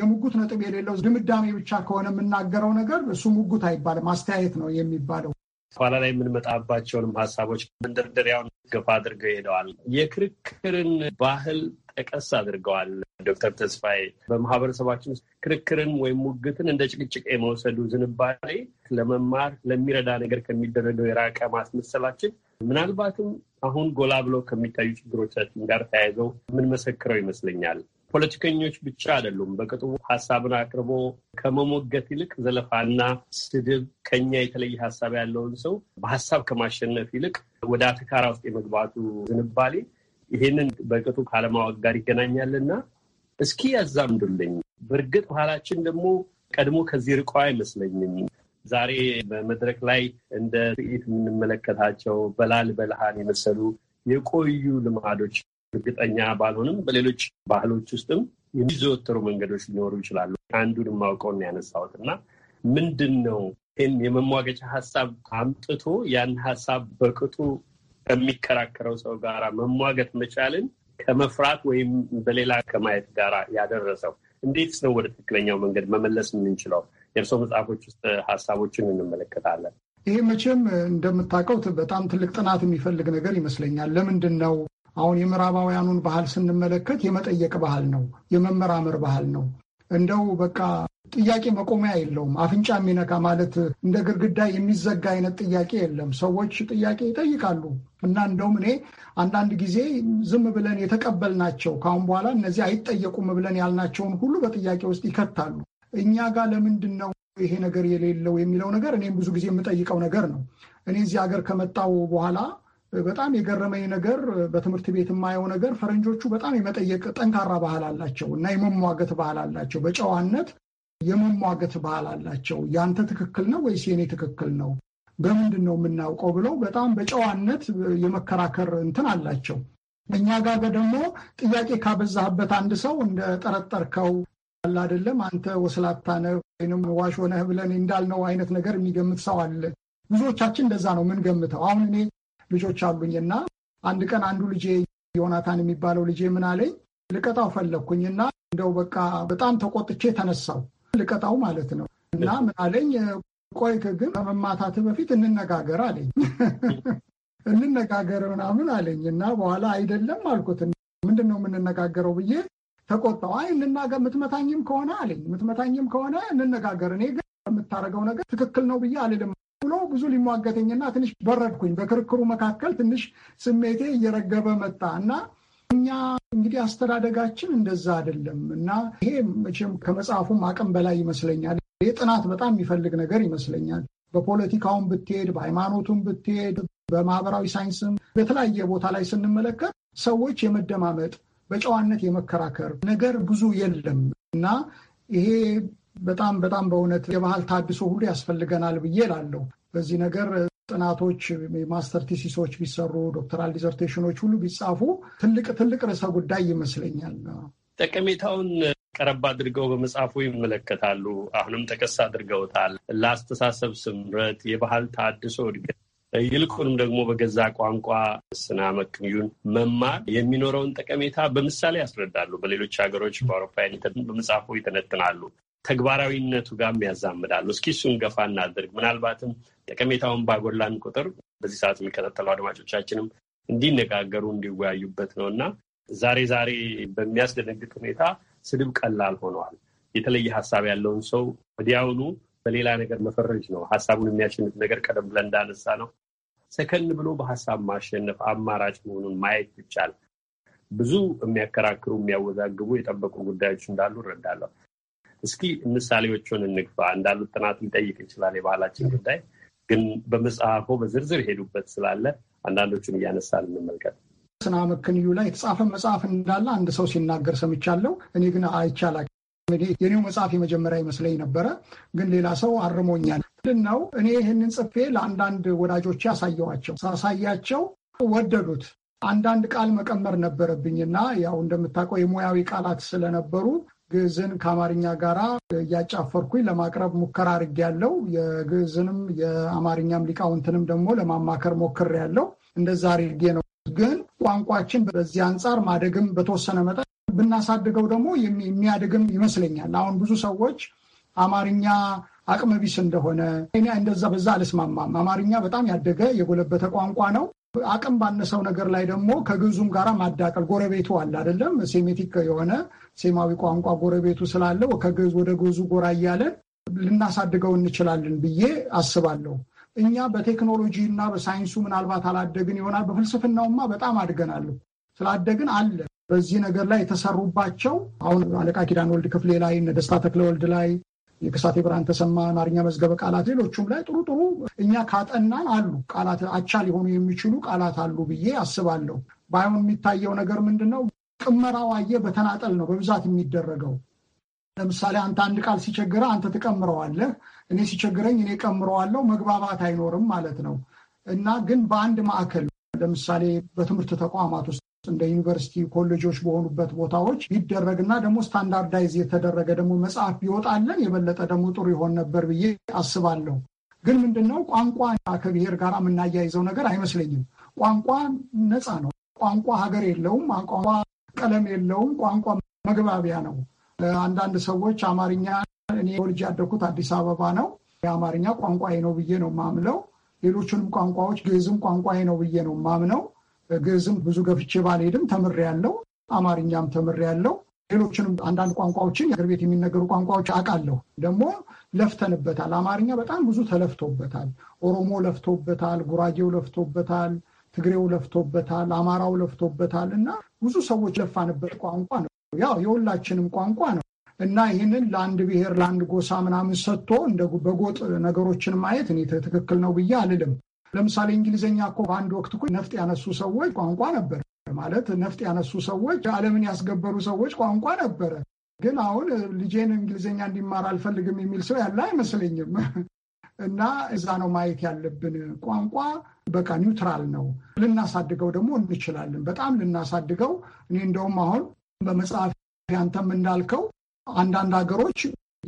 የምጉት ነጥብ የሌለው ድምዳሜ ብቻ ከሆነ የምናገረው ነገር እሱ ምጉት አይባልም፣ አስተያየት ነው የሚባለው። ኋላ ላይ የምንመጣባቸውንም ሀሳቦች መንደርደሪያውን ገፋ አድርገው ሄደዋል። የክርክርን ባህል ጠቀስ አድርገዋል ዶክተር ተስፋዬ። በማህበረሰባችን ውስጥ ክርክርን ወይም ሙግትን እንደ ጭቅጭቅ የመውሰዱ ዝንባሌ ለመማር ለሚረዳ ነገር ከሚደረገው የራቀ ማስመሰላችን ምናልባትም አሁን ጎላ ብሎ ከሚታዩ ችግሮቻችን ጋር ተያይዘው የምንመሰክረው ይመስለኛል። ፖለቲከኞች ብቻ አይደሉም። በቅጡ ሀሳብን አቅርቦ ከመሞገት ይልቅ ዘለፋና ስድብ፣ ከኛ የተለየ ሀሳብ ያለውን ሰው በሀሳብ ከማሸነፍ ይልቅ ወደ አተካራ ውስጥ የመግባቱ ዝንባሌ ይህንን በቅጡ ካለማወቅ ጋር ይገናኛልና እስኪ ያዛምዱልኝ። በእርግጥ ባህላችን ደግሞ ቀድሞ ከዚህ ርቆ አይመስለኝም። ዛሬ በመድረክ ላይ እንደ ትርኢት የምንመለከታቸው በላል በልሃን የመሰሉ የቆዩ ልማዶች እርግጠኛ ባልሆንም በሌሎች ባህሎች ውስጥም የሚዘወተሩ መንገዶች ሊኖሩ ይችላሉ። አንዱን የማውቀውን ያነሳሁት እና ምንድን ነው ይህን የመሟገጫ ሀሳብ አምጥቶ ያን ሀሳብ በቅጡ ከሚከራከረው ሰው ጋራ መሟገት መቻልን ከመፍራት ወይም በሌላ ከማየት ጋር ያደረሰው እንዴት ነው ወደ ትክክለኛው መንገድ መመለስ የምንችለው? የእርሶ መጽሐፎች ውስጥ ሀሳቦችን እንመለከታለን። ይሄ መቼም እንደምታውቀው በጣም ትልቅ ጥናት የሚፈልግ ነገር ይመስለኛል። ለምንድን ነው አሁን የምዕራባውያኑን ባህል ስንመለከት የመጠየቅ ባህል ነው፣ የመመራመር ባህል ነው። እንደው በቃ ጥያቄ መቆሚያ የለውም። አፍንጫ የሚነካ ማለት እንደ ግድግዳ የሚዘጋ አይነት ጥያቄ የለም። ሰዎች ጥያቄ ይጠይቃሉ እና እንደውም እኔ አንዳንድ ጊዜ ዝም ብለን የተቀበልናቸው ከአሁን በኋላ እነዚህ አይጠየቁም ብለን ያልናቸውን ሁሉ በጥያቄ ውስጥ ይከታሉ። እኛ ጋር ለምንድን ነው ይሄ ነገር የሌለው የሚለው ነገር እኔም ብዙ ጊዜ የምጠይቀው ነገር ነው። እኔ እዚህ ሀገር ከመጣው በኋላ በጣም የገረመኝ ነገር በትምህርት ቤት የማየው ነገር ፈረንጆቹ በጣም የመጠየቅ ጠንካራ ባህል አላቸው እና የመሟገት ባህል አላቸው። በጨዋነት የመሟገት ባህል አላቸው። ያንተ ትክክል ነው ወይስ የኔ ትክክል ነው በምንድን ነው የምናውቀው ብለው በጣም በጨዋነት የመከራከር እንትን አላቸው። እኛ ጋር ደግሞ ጥያቄ ካበዛህበት አንድ ሰው እንደጠረጠርከው ጠረጠርከው አለ አይደለም አንተ ወስላታ ነህ ወይም ዋሽ ሆነህ ብለን እንዳልነው አይነት ነገር የሚገምት ሰው አለ። ብዙዎቻችን እንደዛ ነው ምን ገምተው? አሁን እኔ ልጆች አሉኝና አንድ ቀን አንዱ ልጄ ዮናታን የሚባለው ልጄ ምን አለኝ ልቀጣው ፈለግኩኝና እንደው በቃ በጣም ተቆጥቼ ተነሳው ልቀጣው ማለት ነው። እና ምን አለኝ፣ ቆይ ግን ከመማታት በፊት እንነጋገር አለኝ። (laughs) እንነጋገር ምናምን አለኝ። እና በኋላ አይደለም አልኩት። ምንድን ነው የምንነጋገረው ብዬ ተቆጣው። አይ እንናገር፣ የምትመታኝም ከሆነ አለኝ፣ የምትመታኝም ከሆነ እንነጋገር። እኔ ግን የምታደርገው ነገር ትክክል ነው ብዬ አልልም ብሎ ብዙ ሊሟገተኝና ትንሽ በረድኩኝ። በክርክሩ መካከል ትንሽ ስሜቴ እየረገበ መጣ እና እኛ እንግዲህ አስተዳደጋችን እንደዛ አይደለም እና ይሄ መቼም ከመጽሐፉም አቅም በላይ ይመስለኛል። ይህ ጥናት በጣም የሚፈልግ ነገር ይመስለኛል። በፖለቲካውም ብትሄድ፣ በሃይማኖቱም ብትሄድ፣ በማህበራዊ ሳይንስም በተለያየ ቦታ ላይ ስንመለከት ሰዎች የመደማመጥ በጨዋነት የመከራከር ነገር ብዙ የለም እና ይሄ በጣም በጣም በእውነት የባህል ታድሶ ሁሉ ያስፈልገናል ብዬ እላለሁ። በዚህ ነገር ጥናቶች፣ ማስተር ቲሲሶች ቢሰሩ፣ ዶክተራል ዲዘርቴሽኖች ሁሉ ቢጻፉ ትልቅ ትልቅ ርዕሰ ጉዳይ ይመስለኛል። ጠቀሜታውን ቀረብ አድርገው በመጽሐፉ ይመለከታሉ። አሁንም ጠቀስ አድርገውታል። ለአስተሳሰብ ስምረት፣ የባህል ታድሶ እድገት ይልቁንም ደግሞ በገዛ ቋንቋ ስና መክዩን መማር የሚኖረውን ጠቀሜታ በምሳሌ ያስረዳሉ። በሌሎች ሀገሮች በአውሮፓውያን በመጽሐፉ ይተነትናሉ። ተግባራዊነቱ ጋርም ያዛምዳሉ። እስኪ እሱን ገፋ እናድርግ። ምናልባትም ጠቀሜታውን ባጎላን ቁጥር በዚህ ሰዓት የሚከታተሉ አድማጮቻችንም እንዲነጋገሩ እንዲወያዩበት ነው እና ዛሬ ዛሬ በሚያስደነግጥ ሁኔታ ስድብ ቀላል ሆነዋል። የተለየ ሀሳብ ያለውን ሰው ወዲያውኑ በሌላ ነገር መፈረጅ ነው ሀሳቡን የሚያሸንፍ ነገር ቀደም ብለን እንዳነሳ ነው ሰከን ብሎ በሀሳብ ማሸነፍ አማራጭ መሆኑን ማየት ይቻል። ብዙ የሚያከራክሩ የሚያወዛግቡ የጠበቁ ጉዳዮች እንዳሉ እረዳለሁ። እስኪ ምሳሌዎቹን እንግፋ። እንዳሉት ጥናት ሊጠይቅ ይችላል የባህላችን ጉዳይ ግን በመጽሐፎ በዝርዝር ሄዱበት ስላለ አንዳንዶቹን እያነሳን እንመልከት። ስና መክንዩ ላይ የተጻፈ መጽሐፍ እንዳለ አንድ ሰው ሲናገር ሰምቻለሁ። እኔ ግን አይቻላ የኔው መጽሐፍ የመጀመሪያ ይመስለኝ ነበረ፣ ግን ሌላ ሰው አርሞኛል። ምንድን ነው እኔ ይህንን ጽፌ ለአንዳንድ ወዳጆች ያሳየዋቸው ሳሳያቸው ወደዱት። አንዳንድ ቃል መቀመር ነበረብኝና ያው እንደምታውቀው የሙያዊ ቃላት ስለነበሩ ግዕዝን ከአማርኛ ጋራ እያጫፈርኩኝ ለማቅረብ ሙከራ ያለው የግዕዝንም የአማርኛም ሊቃውንትንም ደግሞ ለማማከር ያለው እንደዛ አድርጌ ነው። ግን ቋንቋችን በዚህ አንጻር ማደግም በተወሰነ መጠን ብናሳድገው ደግሞ የሚያድግም ይመስለኛል። አሁን ብዙ ሰዎች አማርኛ አቅመቢስ እንደሆነ እኔ እንደዛ በዛ አልስማማም። አማርኛ በጣም ያደገ የጎለበተ ቋንቋ ነው። አቅም ባነሰው ነገር ላይ ደግሞ ከግዙም ጋራ ማዳቀል ጎረቤቱ አለ አይደለም። ሴሜቲክ የሆነ ሴማዊ ቋንቋ ጎረቤቱ ስላለው ከግዕዝ ወደ ግዕዙ ጎራ እያለን ልናሳድገው እንችላለን ብዬ አስባለሁ። እኛ በቴክኖሎጂ እና በሳይንሱ ምናልባት አላደግን ይሆናል። በፍልስፍናውማ በጣም አድገናል። ስላደግን አለ በዚህ ነገር ላይ የተሰሩባቸው አሁን አለቃ ኪዳን ወልድ ክፍሌ ላይ እነ ደስታ ተክለ ወልድ ላይ የከሳቴ ብርሃን ተሰማ አማርኛ መዝገበ ቃላት፣ ሌሎቹም ላይ ጥሩ ጥሩ እኛ ካጠናን አሉ ቃላት አቻ ሊሆኑ የሚችሉ ቃላት አሉ ብዬ አስባለሁ። ባይሆን የሚታየው ነገር ምንድን ነው? ቅመራው አየህ፣ በተናጠል ነው በብዛት የሚደረገው። ለምሳሌ አንተ አንድ ቃል ሲቸግረ አንተ ትቀምረዋለህ፣ እኔ ሲቸግረኝ እኔ ቀምረዋለሁ። መግባባት አይኖርም ማለት ነው እና ግን በአንድ ማዕከል ለምሳሌ በትምህርት ተቋማት ውስጥ እንደ ዩኒቨርሲቲ ኮሌጆች በሆኑበት ቦታዎች ቢደረግና ደግሞ ስታንዳርዳይዝ የተደረገ ደግሞ መጽሐፍ ቢወጣለን የበለጠ ደግሞ ጥሩ ይሆን ነበር ብዬ አስባለሁ። ግን ምንድነው ቋንቋ ከብሔር ጋር የምናያይዘው ነገር አይመስለኝም። ቋንቋ ነፃ ነው። ቋንቋ ሀገር የለውም። ቋንቋ ቀለም የለውም። ቋንቋ መግባቢያ ነው። አንዳንድ ሰዎች አማርኛ እኔ ወልጅ ያደኩት አዲስ አበባ ነው። የአማርኛ ቋንቋዬ ነው ብዬ ነው ማምለው። ሌሎቹንም ቋንቋዎች ግዕዝም ቋንቋዬ ነው ብዬ ነው ማምነው። ግዕዝም ብዙ ገፍቼ ባልሄድም ተምሬያለሁ። አማርኛም ተምሬያለሁ። ሌሎችንም አንዳንድ ቋንቋዎችን የአገር ቤት የሚነገሩ ቋንቋዎች አውቃለሁ። ደግሞ ለፍተንበታል። አማርኛ በጣም ብዙ ተለፍቶበታል። ኦሮሞ ለፍቶበታል፣ ጉራጌው ለፍቶበታል፣ ትግሬው ለፍቶበታል፣ አማራው ለፍቶበታል እና ብዙ ሰዎች ለፋንበት ቋንቋ ነው። ያው የሁላችንም ቋንቋ ነው እና ይህንን ለአንድ ብሔር ለአንድ ጎሳ ምናምን ሰጥቶ እንደ በጎጥ ነገሮችን ማየት እኔ ትክክል ነው ብዬ አልልም። ለምሳሌ እንግሊዝኛ እኮ በአንድ ወቅት እኮ ነፍጥ ያነሱ ሰዎች ቋንቋ ነበር። ማለት ነፍጥ ያነሱ ሰዎች ዓለምን ያስገበሩ ሰዎች ቋንቋ ነበረ። ግን አሁን ልጄን እንግሊዝኛ እንዲማር አልፈልግም የሚል ሰው ያለ አይመስለኝም። (laughs) እና እዛ ነው ማየት ያለብን። ቋንቋ በቃ ኒውትራል ነው። ልናሳድገው ደግሞ እንችላለን፣ በጣም ልናሳድገው። እኔ እንደውም አሁን በመጽሐፍ ያንተም እንዳልከው አንዳንድ ሀገሮች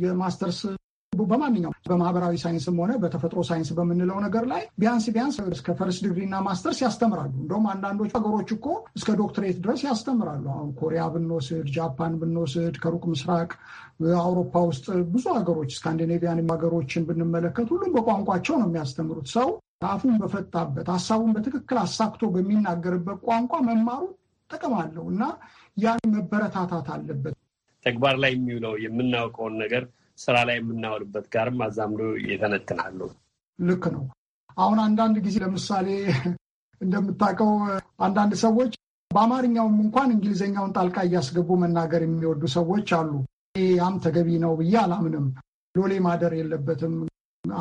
የማስተርስ በማንኛውም በማህበራዊ ሳይንስም ሆነ በተፈጥሮ ሳይንስ በምንለው ነገር ላይ ቢያንስ ቢያንስ እስከ ፈርስት ዲግሪ እና ማስተርስ ያስተምራሉ። እንደውም አንዳንዶቹ ሀገሮች እኮ እስከ ዶክትሬት ድረስ ያስተምራሉ። አሁን ኮሪያ ብንወስድ፣ ጃፓን ብንወስድ፣ ከሩቅ ምስራቅ አውሮፓ ውስጥ ብዙ ሀገሮች ስካንዲኔቪያን ሀገሮችን ብንመለከት ሁሉም በቋንቋቸው ነው የሚያስተምሩት። ሰው አፉን በፈታበት ሀሳቡን በትክክል አሳክቶ በሚናገርበት ቋንቋ መማሩ ጥቅም አለው እና ያን መበረታታት አለበት። ተግባር ላይ የሚውለው የምናውቀውን ነገር ስራ ላይ የምናውልበት ጋርም አዛምዶ የተነትናሉ። ልክ ነው። አሁን አንዳንድ ጊዜ ለምሳሌ እንደምታውቀው አንዳንድ ሰዎች በአማርኛውም እንኳን እንግሊዝኛውን ጣልቃ እያስገቡ መናገር የሚወዱ ሰዎች አሉ። ያም ተገቢ ነው ብዬ አላምንም። ሎሌ ማደር የለበትም።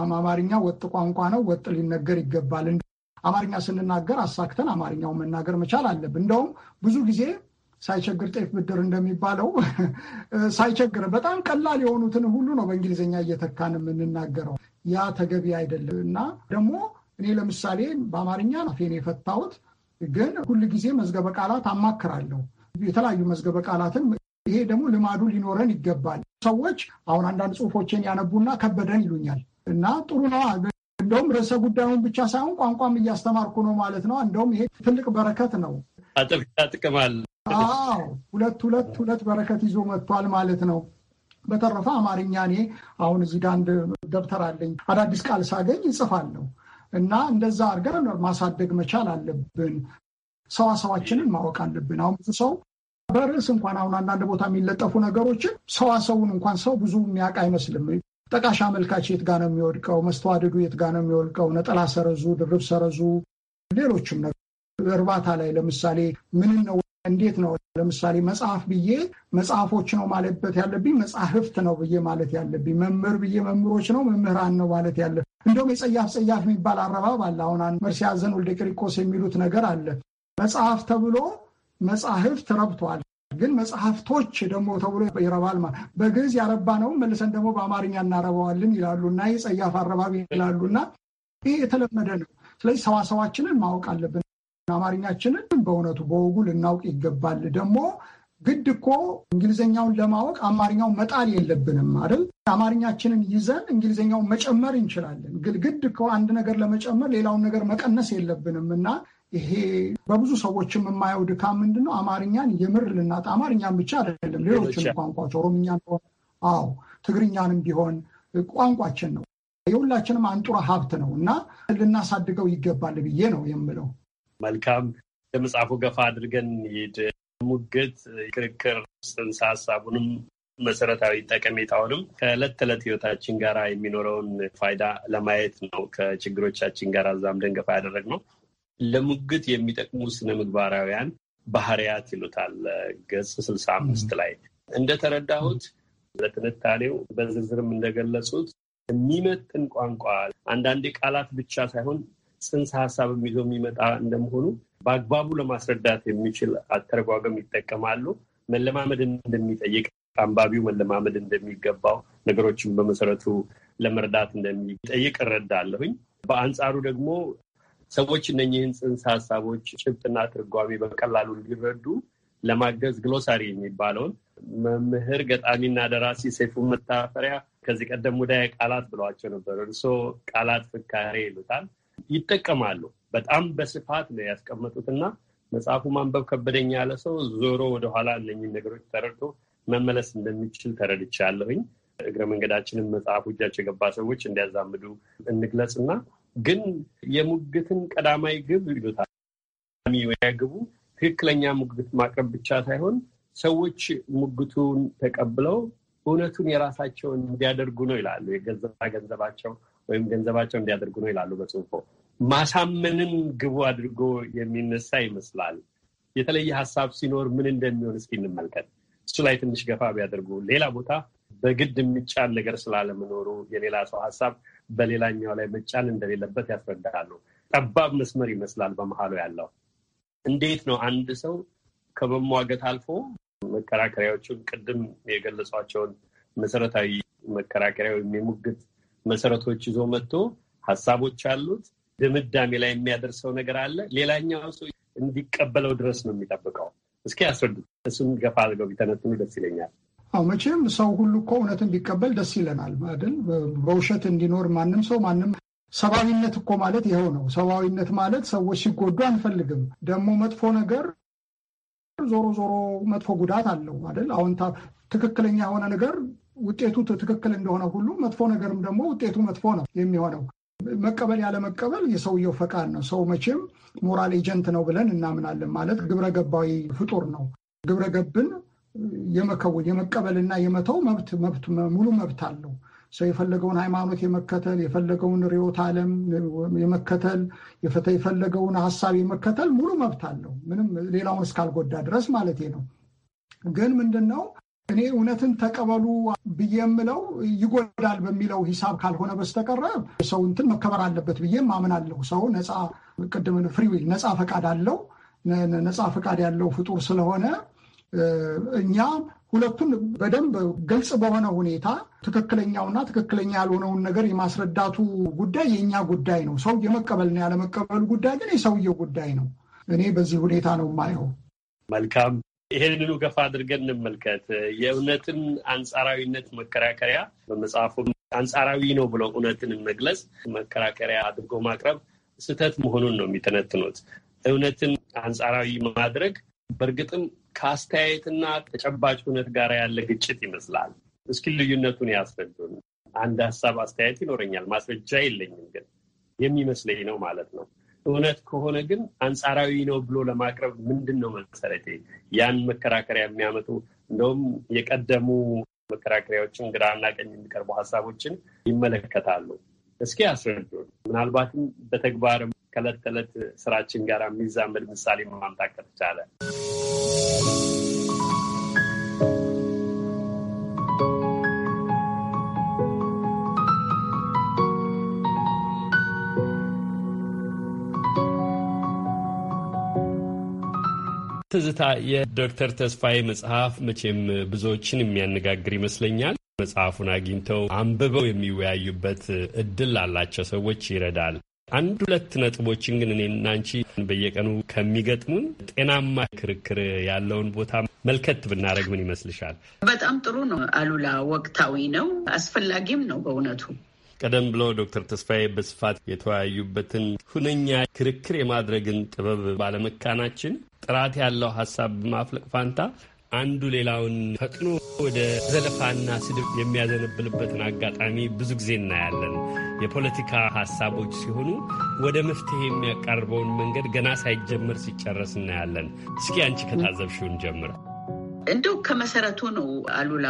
አማርኛ ወጥ ቋንቋ ነው፣ ወጥ ሊነገር ይገባል። አማርኛ ስንናገር አሳክተን አማርኛውን መናገር መቻል አለብን። እንደውም ብዙ ጊዜ ሳይቸግር ጤፍ ብድር እንደሚባለው (laughs) ሳይቸግር በጣም ቀላል የሆኑትን ሁሉ ነው በእንግሊዝኛ እየተካን የምንናገረው። ያ ተገቢ አይደለም እና ደግሞ እኔ ለምሳሌ በአማርኛ አፌን የፈታሁት ግን ሁል ጊዜ መዝገበ ቃላት አማክራለሁ። የተለያዩ መዝገበ ቃላትን ይሄ ደግሞ ልማዱ ሊኖረን ይገባል። ሰዎች አሁን አንዳንድ ጽሁፎችን ያነቡና ከበደን ይሉኛል እና ጥሩ ነው እንደውም ርዕሰ ጉዳዩን ብቻ ሳይሆን ቋንቋም እያስተማርኩ ነው ማለት ነው። እንደውም ይሄ ትልቅ በረከት ነው። አጥብቃ ጥቅም አለ አዎ ሁለት ሁለት ሁለት በረከት ይዞ መጥቷል ማለት ነው። በተረፈ አማርኛ እኔ አሁን እዚህ ጋር አንድ ደብተር አለኝ። አዳዲስ ቃል ሳገኝ እጽፋለሁ እና እንደዛ አድርገን ማሳደግ መቻል አለብን። ሰዋሰዋችንን ማወቅ አለብን። አሁን ብዙ ሰው በርዕስ እንኳን አሁን አንዳንድ ቦታ የሚለጠፉ ነገሮችን ሰዋሰውን እንኳን ሰው ብዙ የሚያውቅ አይመስልም። ጠቃሽ አመልካች የት ጋ ነው የሚወድቀው? መስተዋደዱ የት ጋ ነው የሚወድቀው? ነጠላ ሰረዙ፣ ድርብ ሰረዙ፣ ሌሎችም እርባታ ላይ ለምሳሌ ምን ነው እንዴት ነው ለምሳሌ መጽሐፍ ብዬ መጽሐፎች ነው ማለበት ያለብኝ፣ መጽሐፍት ነው ብዬ ማለት ያለብኝ፣ መምህር ብዬ መምህሮች ነው መምህራን ነው ማለት ያለ እንደውም የጸያፍ ጸያፍ የሚባል አረባብ አለ። አሁን አንድ መርሲያዘን ወልደ ቂርቆስ የሚሉት ነገር አለ። መጽሐፍ ተብሎ መጽሐፍት ረብቷል፣ ግን መጽሐፍቶች ደግሞ ተብሎ ይረባል። በግዕዝ ያረባ ነው መልሰን ደግሞ በአማርኛ እናረባዋልን ይላሉና የጸያፍ አረባብ ይላሉና ይህ የተለመደ ነው። ስለዚህ ሰዋሰዋችንን ማወቅ አለብን። አማርኛችንን በእውነቱ በወጉ ልናውቅ ይገባል። ደግሞ ግድ እኮ እንግሊዝኛውን ለማወቅ አማርኛውን መጣል የለብንም አይደል? አማርኛችንን ይዘን እንግሊዝኛውን መጨመር እንችላለን። ግድ እኮ አንድ ነገር ለመጨመር ሌላውን ነገር መቀነስ የለብንም እና ይሄ በብዙ ሰዎችም የማየው ድካም ምንድን ነው? አማርኛን የምር ልናጣ አማርኛን ብቻ አይደለም ሌሎችን ቋንቋዎች ኦሮምኛን ቢሆን አዎ ትግርኛንም ቢሆን ቋንቋችን ነው የሁላችንም አንጡራ ሀብት ነው እና ልናሳድገው ይገባል ብዬ ነው የምለው። መልካም ለመጽሐፉ ገፋ አድርገን እንሂድ። ሙግት፣ ክርክር ጽንሰ ሀሳቡንም መሰረታዊ ጠቀሜታውንም ከዕለት ተዕለት ህይወታችን ጋር የሚኖረውን ፋይዳ ለማየት ነው። ከችግሮቻችን ጋር ደንገፋ ያደረግ ነው። ለሙግት የሚጠቅሙ ስነ ምግባራውያን ባህሪያት ይሉታል። ገጽ ስልሳ አምስት ላይ እንደተረዳሁት ለትንታኔው በዝርዝርም እንደገለጹት የሚመጥን ቋንቋ አንዳንዴ ቃላት ብቻ ሳይሆን ጽንሰ ሀሳብም ይዞ የሚመጣ እንደመሆኑ በአግባቡ ለማስረዳት የሚችል አተረጓገም ይጠቀማሉ። መለማመድ እንደሚጠይቅ አንባቢው መለማመድ እንደሚገባው ነገሮችን በመሰረቱ ለመርዳት እንደሚጠይቅ እረዳለሁኝ። በአንጻሩ ደግሞ ሰዎች እነኝህን ጽንሰ ሀሳቦች ጭብጥና ትርጓሜ በቀላሉ እንዲረዱ ለማገዝ ግሎሳሪ የሚባለውን መምህር ገጣሚና ደራሲ ሰይፉን መታፈሪያ ከዚህ ቀደም ወደ ቃላት ብለዋቸው ነበር። እርስዎ ቃላት ፍካሬ ይሉታል። ይጠቀማሉ። በጣም በስፋት ነው ያስቀመጡትና መጽሐፉ ማንበብ ከበደኝ ያለ ሰው ዞሮ ወደኋላ እነኝህን ነገሮች ተረድቶ መመለስ እንደሚችል ተረድቻለሁኝ። እግረ መንገዳችንን መጽሐፉ እጃቸው የገባ ሰዎች እንዲያዛምዱ እንግለጽና ግን የሙግትን ቀዳማይ ግብ ይሉታል ግቡ ትክክለኛ ሙግት ማቅረብ ብቻ ሳይሆን ሰዎች ሙግቱን ተቀብለው እውነቱን የራሳቸውን እንዲያደርጉ ነው ይላሉ። የገዛ ገንዘባቸው ወይም ገንዘባቸው እንዲያደርጉ ነው ይላሉ በጽሁፎ። ማሳመንን ግቡ አድርጎ የሚነሳ ይመስላል። የተለየ ሀሳብ ሲኖር ምን እንደሚሆን እስኪ እንመልከት። እሱ ላይ ትንሽ ገፋ ቢያደርጉ፣ ሌላ ቦታ በግድ የሚጫን ነገር ስላለመኖሩ የሌላ ሰው ሀሳብ በሌላኛው ላይ መጫን እንደሌለበት ያስረዳሉ። ጠባብ መስመር ይመስላል በመሀሉ ያለው። እንዴት ነው አንድ ሰው ከመሟገት አልፎ መከራከሪያዎቹን ቅድም የገለጿቸውን መሰረታዊ መከራከሪያ ወይም የሙግት መሰረቶች ይዞ መጥቶ ሀሳቦች አሉት። ድምዳሜ ላይ የሚያደርሰው ነገር አለ። ሌላኛው ሰው እንዲቀበለው ድረስ ነው የሚጠብቀው። እስኪ ያስረዱ፣ እሱም ገፋ አድርገው ቢተነትኑ ደስ ይለኛል። አዎ መቼም ሰው ሁሉ እኮ እውነትን ቢቀበል ደስ ይለናል አይደል? በውሸት እንዲኖር ማንም ሰው ማንም ሰብአዊነት እኮ ማለት ይኸው ነው። ሰብአዊነት ማለት ሰዎች ሲጎዱ አንፈልግም። ደግሞ መጥፎ ነገር ዞሮ ዞሮ መጥፎ ጉዳት አለው አይደል? አሁን ትክክለኛ የሆነ ነገር ውጤቱ ትክክል እንደሆነ ሁሉ መጥፎ ነገርም ደግሞ ውጤቱ መጥፎ ነው የሚሆነው። መቀበል ያለመቀበል የሰውየው ፈቃድ ነው። ሰው መቼም ሞራል ኤጀንት ነው ብለን እናምናለን። ማለት ግብረ ገባዊ ፍጡር ነው። ግብረ ገብን የመከወን የመቀበልና የመተው መብት መብት ሙሉ መብት አለው። ሰው የፈለገውን ሃይማኖት የመከተል የፈለገውን ርዕዮተ ዓለም የመከተል የፈለገውን ሀሳብ የመከተል ሙሉ መብት አለው። ምንም ሌላውን እስካልጎዳ ድረስ ማለት ነው። ግን ምንድን ነው እኔ እውነትን ተቀበሉ ብዬ የምለው ይጎዳል በሚለው ሂሳብ ካልሆነ በስተቀረ ሰው እንትን መከበር አለበት ብዬ አምናለሁ። ሰው ነፃ ቅድም ፍሪዊል ነፃ ፈቃድ አለው። ነፃ ፈቃድ ያለው ፍጡር ስለሆነ እኛ ሁለቱን በደንብ ግልጽ በሆነ ሁኔታ ትክክለኛውና ትክክለኛ ያልሆነውን ነገር የማስረዳቱ ጉዳይ የእኛ ጉዳይ ነው። ሰው የመቀበልና ያለመቀበሉ ጉዳይ ግን የሰውየው ጉዳይ ነው። እኔ በዚህ ሁኔታ ነው የማየው። መልካም ይሄንኑ ገፋ አድርገን እንመልከት። የእውነትን አንጻራዊነት መከራከሪያ በመጽሐፉ አንጻራዊ ነው ብሎ እውነትን መግለጽ መከራከሪያ አድርጎ ማቅረብ ስህተት መሆኑን ነው የሚተነትኑት። እውነትን አንጻራዊ ማድረግ በእርግጥም ከአስተያየትና ተጨባጭ እውነት ጋር ያለ ግጭት ይመስላል። እስኪ ልዩነቱን ያስረዱን። አንድ ሀሳብ አስተያየት ይኖረኛል፣ ማስረጃ የለኝም፣ ግን የሚመስለኝ ነው ማለት ነው እውነት ከሆነ ግን አንጻራዊ ነው ብሎ ለማቅረብ ምንድን ነው መሰረቴ ያን መከራከሪያ የሚያመጡ እንደውም የቀደሙ መከራከሪያዎችን ግራና ቀኝ የሚቀርቡ ሀሳቦችን ይመለከታሉ። እስኪ አስረዱ። ምናልባትም በተግባር ከዕለት ተዕለት ስራችን ጋር የሚዛመድ ምሳሌ ማምጣት ከተቻለ ትዝታ፣ የዶክተር ተስፋዬ መጽሐፍ መቼም ብዙዎችን የሚያነጋግር ይመስለኛል። መጽሐፉን አግኝተው አንብበው የሚወያዩበት እድል ላላቸው ሰዎች ይረዳል። አንድ ሁለት ነጥቦችን ግን እኔ እናንቺ በየቀኑ ከሚገጥሙን ጤናማ ክርክር ያለውን ቦታ መልከት ብናደረግ ምን ይመስልሻል? በጣም ጥሩ ነው አሉላ። ወቅታዊ ነው፣ አስፈላጊም ነው በእውነቱ። ቀደም ብሎ ዶክተር ተስፋዬ በስፋት የተወያዩበትን ሁነኛ ክርክር የማድረግን ጥበብ ባለመካናችን ጥራት ያለው ሀሳብ በማፍለቅ ፋንታ አንዱ ሌላውን ፈጥኖ ወደ ዘለፋና ስድብ የሚያዘነብልበትን አጋጣሚ ብዙ ጊዜ እናያለን። የፖለቲካ ሀሳቦች ሲሆኑ ወደ መፍትሄ የሚያቀርበውን መንገድ ገና ሳይጀምር ሲጨረስ እናያለን። እስኪ አንቺ ከታዘብሽውን ጀምረ እንደው ከመሰረቱ ነው አሉላ።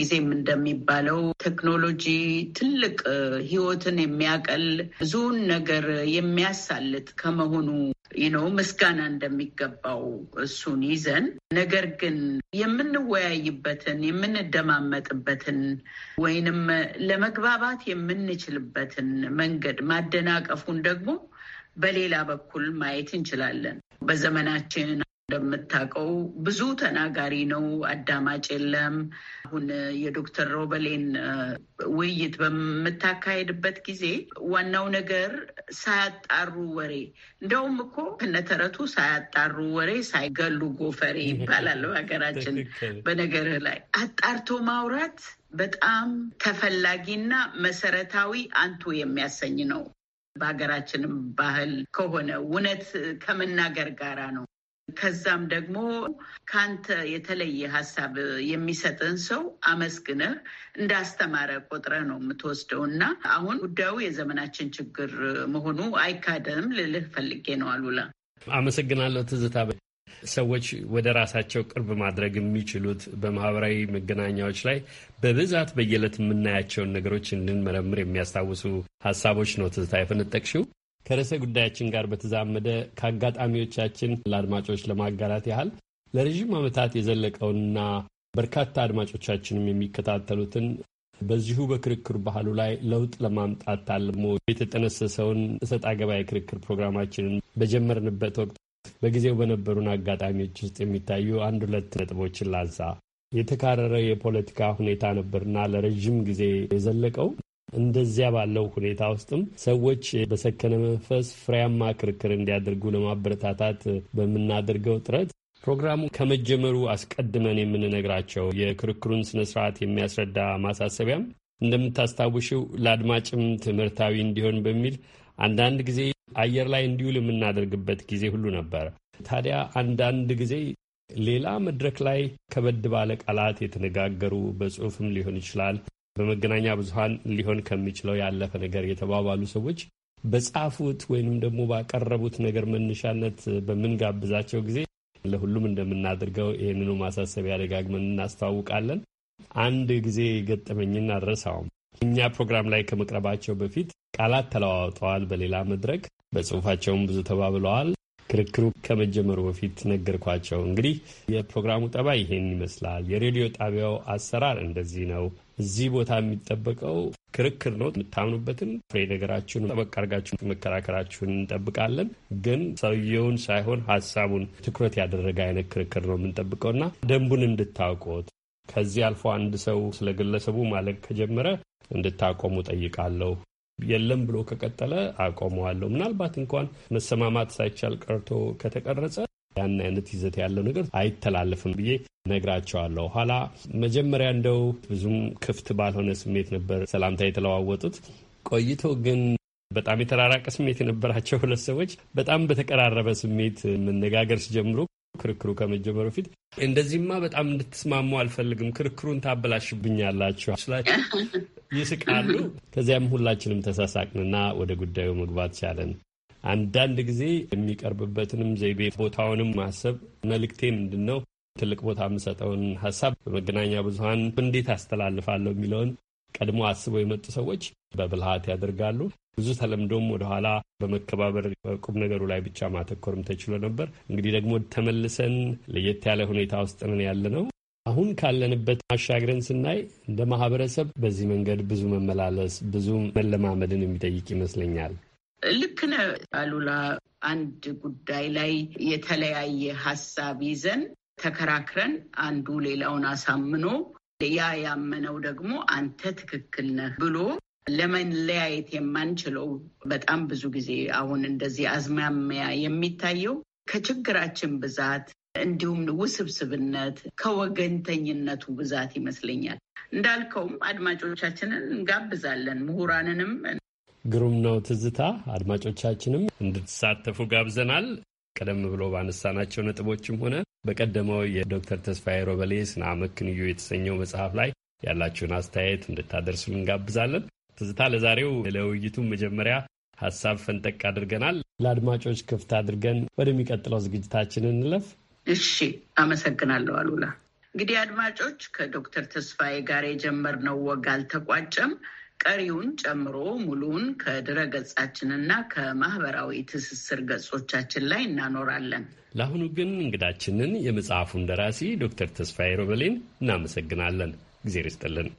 ጊዜም እንደሚባለው ቴክኖሎጂ ትልቅ ህይወትን የሚያቀል ብዙውን ነገር የሚያሳልጥ ከመሆኑ ነው ምስጋና እንደሚገባው እሱን ይዘን ነገር ግን የምንወያይበትን የምንደማመጥበትን ወይንም ለመግባባት የምንችልበትን መንገድ ማደናቀፉን ደግሞ በሌላ በኩል ማየት እንችላለን። በዘመናችን እንደምታውቀው ብዙ ተናጋሪ ነው፣ አዳማጭ የለም። አሁን የዶክተር ሮበሌን ውይይት በምታካሄድበት ጊዜ ዋናው ነገር ሳያጣሩ ወሬ እንደውም እኮ ከነተረቱ ሳያጣሩ ወሬ ሳይገሉ ጎፈሬ ይባላል በሀገራችን። (laughs) በነገር ላይ አጣርቶ ማውራት በጣም ተፈላጊና መሰረታዊ አንቱ የሚያሰኝ ነው። በሀገራችንም ባህል ከሆነ እውነት ከመናገር ጋራ ነው። ከዛም ደግሞ ከአንተ የተለየ ሀሳብ የሚሰጥን ሰው አመስግነህ እንዳስተማረ ቆጥረ ነው የምትወስደው እና አሁን ጉዳዩ የዘመናችን ችግር መሆኑ አይካደም ልልህ ፈልጌ ነው። አሉላ አመሰግናለሁ። ትዝታ ሰዎች ወደ ራሳቸው ቅርብ ማድረግ የሚችሉት በማህበራዊ መገናኛዎች ላይ በብዛት በየዕለት የምናያቸውን ነገሮች እንድንመረምር የሚያስታውሱ ሀሳቦች ነው ትዝታ የፈነጠቅሽው። ከርዕሰ ጉዳያችን ጋር በተዛመደ ከአጋጣሚዎቻችን ለአድማጮች ለማጋራት ያህል ለረዥም ዓመታት የዘለቀውንና በርካታ አድማጮቻችንም የሚከታተሉትን በዚሁ በክርክር ባህሉ ላይ ለውጥ ለማምጣት ታልሞ የተጠነሰሰውን እሰጥ አገባ የክርክር ፕሮግራማችንን በጀመርንበት ወቅት በጊዜው በነበሩን አጋጣሚዎች ውስጥ የሚታዩ አንድ ሁለት ነጥቦችን ላንሳ። የተካረረ የፖለቲካ ሁኔታ ነበርና ለረዥም ጊዜ የዘለቀው እንደዚያ ባለው ሁኔታ ውስጥም ሰዎች በሰከነ መንፈስ ፍሬያማ ክርክር እንዲያደርጉ ለማበረታታት በምናደርገው ጥረት ፕሮግራሙ ከመጀመሩ አስቀድመን የምንነግራቸው የክርክሩን ስነ ስርዓት የሚያስረዳ ማሳሰቢያም እንደምታስታውሽው ለአድማጭም ትምህርታዊ እንዲሆን በሚል አንዳንድ ጊዜ አየር ላይ እንዲውል የምናደርግበት ጊዜ ሁሉ ነበር። ታዲያ አንዳንድ ጊዜ ሌላ መድረክ ላይ ከበድ ባለ ቃላት የተነጋገሩ በጽሁፍም ሊሆን ይችላል በመገናኛ ብዙኃን ሊሆን ከሚችለው ያለፈ ነገር የተባባሉ ሰዎች በጻፉት ወይንም ደግሞ ባቀረቡት ነገር መነሻነት በምንጋብዛቸው ጊዜ ለሁሉም እንደምናደርገው ይህንኑ ማሳሰቢያ ደጋግመን እናስተዋውቃለን። አንድ ጊዜ ገጠመኝን አልረሳውም። እኛ ፕሮግራም ላይ ከመቅረባቸው በፊት ቃላት ተለዋውጠዋል። በሌላ መድረክ በጽሁፋቸውም ብዙ ተባብለዋል። ክርክሩ ከመጀመሩ በፊት ነገርኳቸው። እንግዲህ የፕሮግራሙ ጠባይ ይሄን ይመስላል፣ የሬዲዮ ጣቢያው አሰራር እንደዚህ ነው፣ እዚህ ቦታ የሚጠበቀው ክርክር ነው። የምታምኑበትን ፍሬ ነገራችሁን ጠበቅ አድርጋችሁ መከራከራችሁን እንጠብቃለን። ግን ሰውየውን ሳይሆን ሀሳቡን ትኩረት ያደረገ አይነት ክርክር ነው የምንጠብቀውና ደንቡን እንድታውቁት ከዚህ አልፎ አንድ ሰው ስለ ግለሰቡ ማለት ከጀመረ እንድታቆሙ ጠይቃለሁ። የለም ብሎ ከቀጠለ አቆመዋለሁ። ምናልባት እንኳን መሰማማት ሳይቻል ቀርቶ ከተቀረጸ ያን አይነት ይዘት ያለው ነገር አይተላለፍም ብዬ ነግራቸዋለሁ። ኋላ መጀመሪያ እንደው ብዙም ክፍት ባልሆነ ስሜት ነበር ሰላምታ የተለዋወጡት። ቆይቶ ግን በጣም የተራራቀ ስሜት የነበራቸው ሁለት ሰዎች በጣም በተቀራረበ ስሜት መነጋገር ሲጀምሩ ክርክሩ ከመጀመሩ ፊት እንደዚህማ በጣም እንድትስማሙ አልፈልግም፣ ክርክሩን ታበላሽብኛላችሁ ስላቸው ይስቃሉ። ከዚያም ሁላችንም ተሳሳቅንና ወደ ጉዳዩ መግባት ቻለን። አንዳንድ ጊዜ የሚቀርብበትንም ዘይቤ ቦታውንም ማሰብ መልእክቴ ምንድን ነው፣ ትልቅ ቦታ የምሰጠውን ሀሳብ በመገናኛ ብዙኃን እንዴት አስተላልፋለሁ የሚለውን ቀድሞ አስበው የመጡ ሰዎች በብልሃት ያደርጋሉ። ብዙ ተለምዶም ወደኋላ በመከባበር ቁም ነገሩ ላይ ብቻ ማተኮርም ተችሎ ነበር። እንግዲህ ደግሞ ተመልሰን ለየት ያለ ሁኔታ ውስጥ ነን ያለ ነው። አሁን ካለንበት አሻግረን ስናይ እንደ ማህበረሰብ በዚህ መንገድ ብዙ መመላለስ ብዙ መለማመድን የሚጠይቅ ይመስለኛል። ልክ ነው አሉላ። አንድ ጉዳይ ላይ የተለያየ ሀሳብ ይዘን ተከራክረን አንዱ ሌላውን አሳምኖ ያ ያመነው ደግሞ አንተ ትክክል ነህ ብሎ ለመለያየት የማንችለው በጣም ብዙ ጊዜ አሁን እንደዚህ አዝማሚያ የሚታየው ከችግራችን ብዛት እንዲሁም ውስብስብነት ከወገንተኝነቱ ብዛት ይመስለኛል። እንዳልከውም አድማጮቻችንን እንጋብዛለን፣ ምሁራንንም ግሩም ነው ትዝታ። አድማጮቻችንም እንድትሳተፉ ጋብዘናል። ቀደም ብሎ ባነሳናቸው ነጥቦችም ሆነ በቀደመው የዶክተር ተስፋዬ ሮበሌ ስነ አመክንዮ የተሰኘው መጽሐፍ ላይ ያላችሁን አስተያየት እንድታደርሱ እንጋብዛለን። ትዝታ፣ ለዛሬው ለውይይቱ መጀመሪያ ሀሳብ ፈንጠቅ አድርገናል። ለአድማጮች ክፍት አድርገን ወደሚቀጥለው ዝግጅታችን እንለፍ። እሺ፣ አመሰግናለሁ አሉላ። እንግዲህ አድማጮች ከዶክተር ተስፋዬ ጋር የጀመርነው ወግ አልተቋጨም። ቀሪውን ጨምሮ ሙሉውን ከድረ ገጻችንና ከማህበራዊ ትስስር ገጾቻችን ላይ እናኖራለን። ለአሁኑ ግን እንግዳችንን የመጽሐፉን ደራሲ ዶክተር ተስፋዬ ሮበሌን እናመሰግናለን። እግዜር ይስጥልን።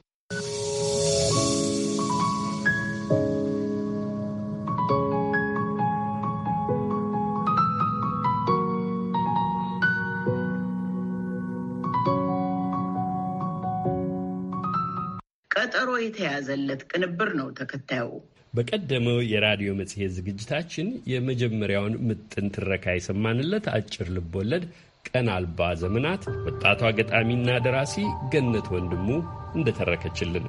የተያዘለት ቅንብር ነው ተከታዩ። በቀደመው የራዲዮ መጽሔት ዝግጅታችን የመጀመሪያውን ምጥን ትረካ የሰማንለት አጭር ልቦለድ ቀን አልባ ዘመናት ወጣቷ ገጣሚና ደራሲ ገነት ወንድሙ እንደተረከችልን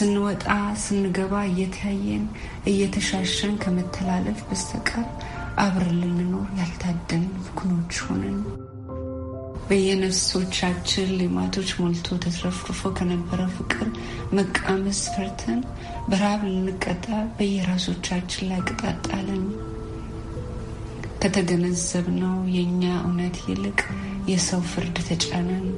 ስንወጣ ስንገባ እየተያየን እየተሻሸን ከመተላለፍ በስተቀር አብረን ልንኖር ያልታደን ብኩኖች ሆንን። በየነፍሶቻችን ሌማቶች ሞልቶ ተትረፍርፎ ከነበረ ፍቅር መቃመስ ፈርተን በረሃብ ልንቀጣ በየራሶቻችን ላይ ቅጣጣልን። ከተገነዘብነው የእኛ እውነት ይልቅ የሰው ፍርድ ተጫነን።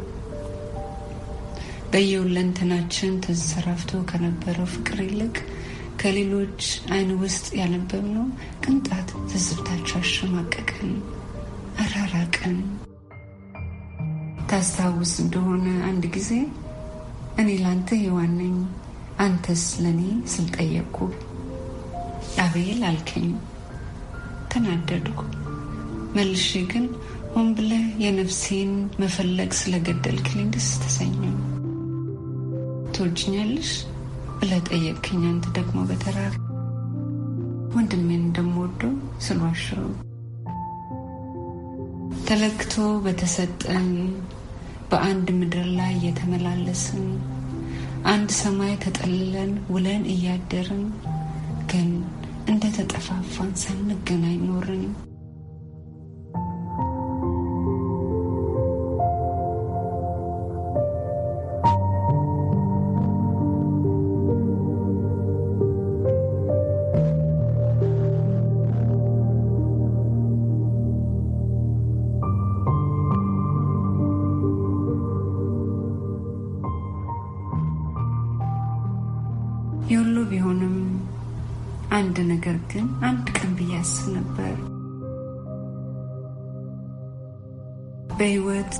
በየሁለንተናችን ተንሰራፍቶ ከነበረው ፍቅር ይልቅ ከሌሎች አይን ውስጥ ያነበብነው ቅንጣት ትዝብታቸው አሸማቀቀን፣ አራራቀን። ታስታውስ እንደሆነ አንድ ጊዜ እኔ ላንተ ሔዋን ነኝ፣ አንተስ ለእኔ ስልጠየቅኩ አቤል አልከኝ። ተናደድኩ። መልሼ ግን ሆን ብለህ የነፍሴን መፈለግ ስለገደልክልኝ ደስ ተሰኘው። ትወጅኛለሽ ብለህ ጠየቅከኝ። አንተ ደግሞ በተራር ወንድሜን እንደምወደው ስሏሽው ተለክቶ በተሰጠን በአንድ ምድር ላይ እየተመላለስን አንድ ሰማይ ተጠልለን ውለን እያደርን ግን እንደተጠፋፋን ሳንገናኝ ኖርን።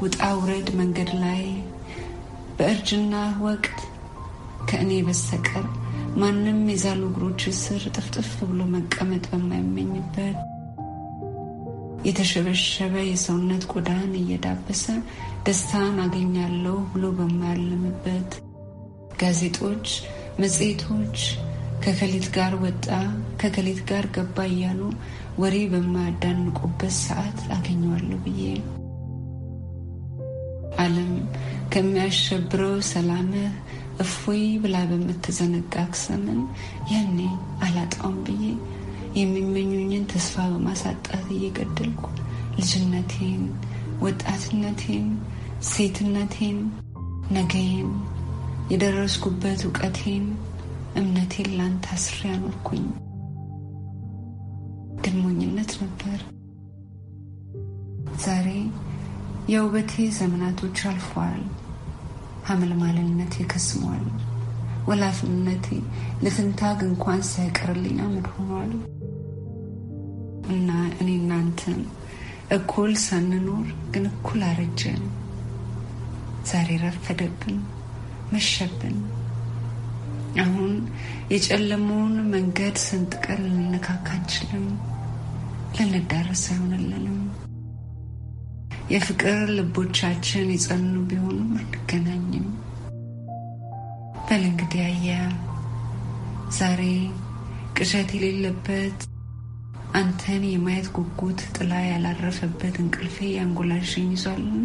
ውጣ ውረድ መንገድ ላይ በእርጅና ወቅት ከእኔ በስተቀር ማንም የዛሉ እግሮች ስር ጥፍጥፍ ብሎ መቀመጥ በማይመኝበት የተሸበሸበ የሰውነት ቆዳን እየዳበሰ ደስታን አገኛለሁ ብሎ በማያልምበት ጋዜጦች፣ መጽሔቶች ከከሊት ጋር ወጣ ከከሊት ጋር ገባ እያሉ ወሬ በማያዳንቁበት ሰዓት አገኘዋለሁ ብዬ ዓለም ከሚያሸብረው ሰላምህ እፎይ ብላ በምትዘነጋክ ክሰምን ያኔ አላጣውም ብዬ የሚመኙኝን ተስፋ በማሳጣት እየገደልኩ ልጅነቴን፣ ወጣትነቴን፣ ሴትነቴን፣ ነገዬን፣ የደረስኩበት እውቀቴን፣ እምነቴን ላንተ አስሬ አኖርኩኝ። ግድሞኝነት ነበር ዛሬ የውበቴ ዘመናቶች አልፏል ሐመልማልነቴ ከስሟል። ወላፍነቴ ለትንታግ እንኳን ሳይቀርልኝ አመድ ሆኗል። እና እኔ እናንተን እኩል ሳንኖር ግን እኩል አረጀን። ዛሬ ረፈደብን፣ መሸብን። አሁን የጨለመውን መንገድ ስንጥቀር ልንነካካ አንችልም፣ ልንዳረስ አይሆንልንም። የፍቅር ልቦቻችን የጸኑ ቢሆኑም አንገናኝም። በል እንግዲህ አየህ ዛሬ ቅዠት የሌለበት አንተን የማየት ጉጉት ጥላ ያላረፈበት እንቅልፌ ያንጎላሽኝ ይዟልና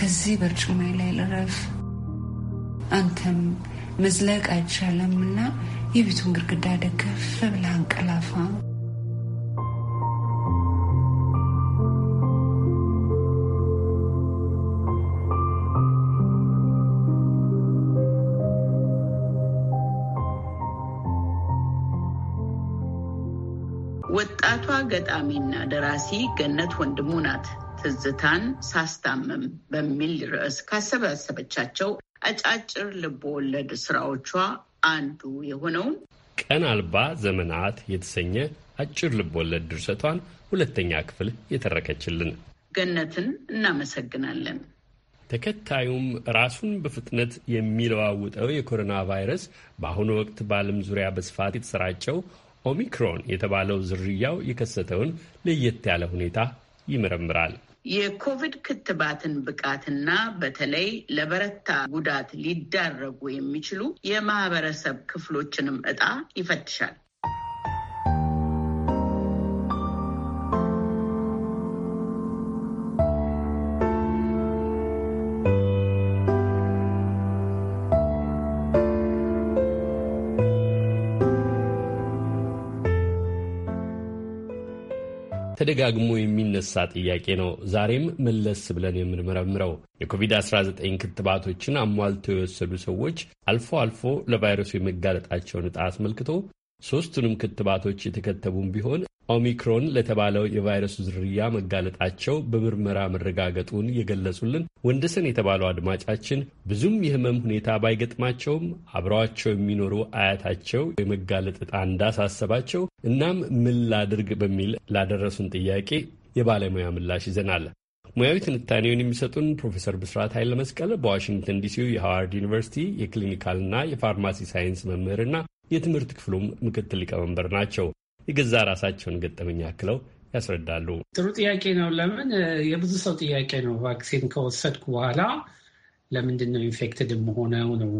ከዚህ በርጭማይ ላይ ልረፍ። አንተም መዝለቅ አይቻለምና የቤቱን ግድግዳ ደገፍ ብለህ አንቀላፋ። ገጣሚና ደራሲ ገነት ወንድሙ ናት ትዝታን ሳስታምም በሚል ርዕስ ካሰባሰበቻቸው አጫጭር ልቦወለድ ስራዎቿ አንዱ የሆነውን ቀን አልባ ዘመናት የተሰኘ አጭር ወለድ ድርሰቷን ሁለተኛ ክፍል የተረከችልን ገነትን እናመሰግናለን። ተከታዩም ራሱን በፍጥነት የሚለዋውጠው የኮሮና ቫይረስ በአሁኑ ወቅት በዓለም ዙሪያ በስፋት የተሰራጨው ኦሚክሮን የተባለው ዝርያው የከሰተውን ለየት ያለ ሁኔታ ይመረምራል። የኮቪድ ክትባትን ብቃትና በተለይ ለበረታ ጉዳት ሊዳረጉ የሚችሉ የማህበረሰብ ክፍሎችንም እጣ ይፈትሻል። ተደጋግሞ የሚነሳ ጥያቄ ነው። ዛሬም መለስ ብለን የምንመረምረው የኮቪድ-19 ክትባቶችን አሟልተው የወሰዱ ሰዎች አልፎ አልፎ ለቫይረሱ የመጋለጣቸውን ዕጣ አስመልክቶ ሦስቱንም ክትባቶች የተከተቡም ቢሆን ኦሚክሮን ለተባለው የቫይረሱ ዝርያ መጋለጣቸው በምርመራ መረጋገጡን የገለጹልን ወንደሰን የተባለው አድማጫችን ብዙም የህመም ሁኔታ ባይገጥማቸውም አብረዋቸው የሚኖሩ አያታቸው የመጋለጥ ዕጣ እንዳሳሰባቸው እናም ምን ላድርግ በሚል ላደረሱን ጥያቄ የባለሙያ ምላሽ ይዘናል። ሙያዊ ትንታኔውን የሚሰጡን ፕሮፌሰር ብስራት ኃይለ መስቀል በዋሽንግተን ዲሲው የሃዋርድ ዩኒቨርሲቲ የክሊኒካልና የፋርማሲ ሳይንስ መምህርና የትምህርት ክፍሉም ምክትል ሊቀመንበር ናቸው። የገዛ ራሳቸውን ገጠመኝ አክለው ያስረዳሉ። ጥሩ ጥያቄ ነው። ለምን የብዙ ሰው ጥያቄ ነው። ቫክሲን ከወሰድኩ በኋላ ለምንድን ነው ኢንፌክትድ መሆነው ነው።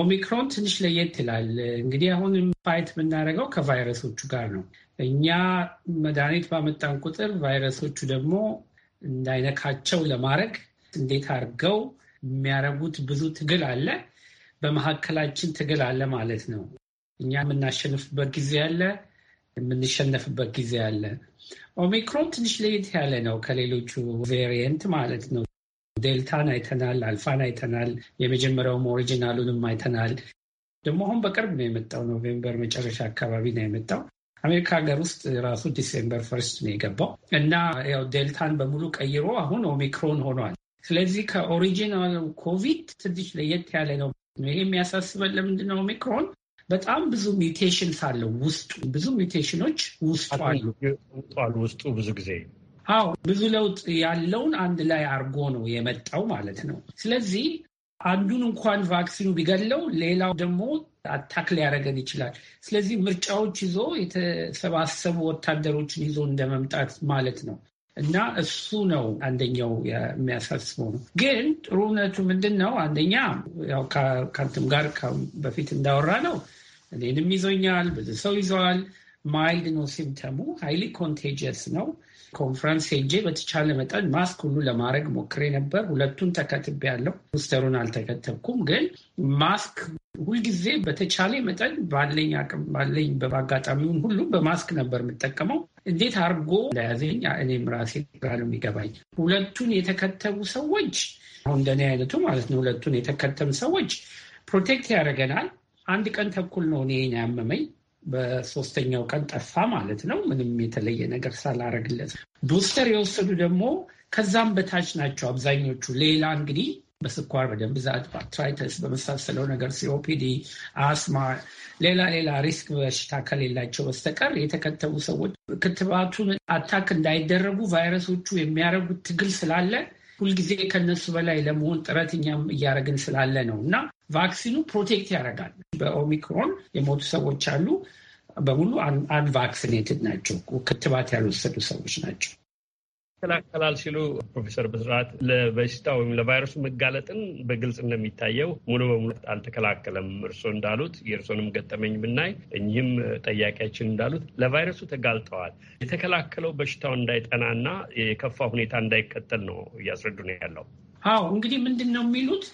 ኦሚክሮን ትንሽ ለየት ይላል። እንግዲህ አሁን ፋይት የምናደርገው ከቫይረሶቹ ጋር ነው። እኛ መድኃኒት ባመጣን ቁጥር ቫይረሶቹ ደግሞ እንዳይነካቸው ለማድረግ እንዴት አድርገው የሚያደርጉት ብዙ ትግል አለ። በመካከላችን ትግል አለ ማለት ነው። እኛ የምናሸንፍበት ጊዜ አለ፣ የምንሸነፍበት ጊዜ አለ። ኦሚክሮን ትንሽ ለየት ያለ ነው ከሌሎቹ ቬሪየንት ማለት ነው። ዴልታን አይተናል፣ አልፋን አይተናል፣ የመጀመሪያውም ኦሪጂናሉንም አይተናል። ደግሞ አሁን በቅርብ ነው የመጣው፣ ኖቬምበር መጨረሻ አካባቢ ነው የመጣው። አሜሪካ ሀገር ውስጥ ራሱ ዲሴምበር ፈርስት ነው የገባው እና ያው ዴልታን በሙሉ ቀይሮ አሁን ኦሚክሮን ሆኗል። ስለዚህ ከኦሪጂናል ኮቪድ ትንሽ ለየት ያለ ነው። ይሄ የሚያሳስበን ለምንድነው ኦሚክሮን በጣም ብዙ ሚውቴሽንስ አለው ውስጡ ብዙ ሚውቴሽኖች ውስጡ አሉ ውስጡ ብዙ ጊዜ አዎ ብዙ ለውጥ ያለውን አንድ ላይ አድርጎ ነው የመጣው ማለት ነው። ስለዚህ አንዱን እንኳን ቫክሲኑ ቢገለው ሌላው ደግሞ አታክ ሊያደርገን ይችላል። ስለዚህ ምርጫዎች ይዞ የተሰባሰቡ ወታደሮችን ይዞ እንደመምጣት ማለት ነው እና እሱ ነው አንደኛው የሚያሳስበው ነው። ግን ጥሩነቱ ምንድን ነው? አንደኛ ያው ጋር በፊት እንዳወራ ነው እኔንም ይዞኛል፣ ብዙ ሰው ይዘዋል። ማይልድ ነው ሲምተሙ፣ ሀይሊ ኮንቴጀስ ነው። ኮንፈረንስ ሄጄ በተቻለ መጠን ማስክ ሁሉ ለማድረግ ሞክሬ ነበር። ሁለቱን ተከትቤ ያለው ቡስተሩን አልተከተብኩም። ግን ማስክ ሁልጊዜ በተቻለ መጠን ባለኝ አቅም ባለኝ በአጋጣሚውን ሁሉ በማስክ ነበር የምጠቀመው። እንዴት አድርጎ ለያዘኝ እኔም ራሴ ነው የሚገባኝ ሁለቱን የተከተቡ ሰዎች አሁን እንደኔ አይነቱ ማለት ነው። ሁለቱን የተከተም ሰዎች ፕሮቴክት ያደርገናል አንድ ቀን ተኩል ነው እኔ ያመመኝ። በሶስተኛው ቀን ጠፋ ማለት ነው። ምንም የተለየ ነገር ሳላረግለት። ቡስተር የወሰዱ ደግሞ ከዛም በታች ናቸው አብዛኞቹ። ሌላ እንግዲህ በስኳር በደም ብዛት፣ በአርትራይተስ በመሳሰለው ነገር፣ ሲኦፒዲ፣ አስማ፣ ሌላ ሌላ ሪስክ በሽታ ከሌላቸው በስተቀር የተከተቡ ሰዎች ክትባቱን አታክ እንዳይደረጉ ቫይረሶቹ የሚያደርጉት ትግል ስላለ ሁልጊዜ ከነሱ በላይ ለመሆን ጥረት እኛም እያደረግን ስላለ ነው እና ቫክሲኑ ፕሮቴክት ያደርጋል። በኦሚክሮን የሞቱ ሰዎች አሉ። በሙሉ አንቫክሲኔትድ ናቸው፣ ክትባት ያልወሰዱ ሰዎች ናቸው። ይከላከላል ሲሉ ፕሮፌሰር ብስራት ለበሽታ ወይም ለቫይረሱ መጋለጥን በግልጽ እንደሚታየው ሙሉ በሙሉ አልተከላከለም። እርስዎ እንዳሉት የእርስዎንም ገጠመኝ ብናይ እኚህም ጠያቂያችን እንዳሉት ለቫይረሱ ተጋልጠዋል። የተከላከለው በሽታው እንዳይጠናና የከፋ ሁኔታ እንዳይከተል ነው እያስረዱ ነው ያለው። አዎ እንግዲህ ምንድን ነው የሚሉት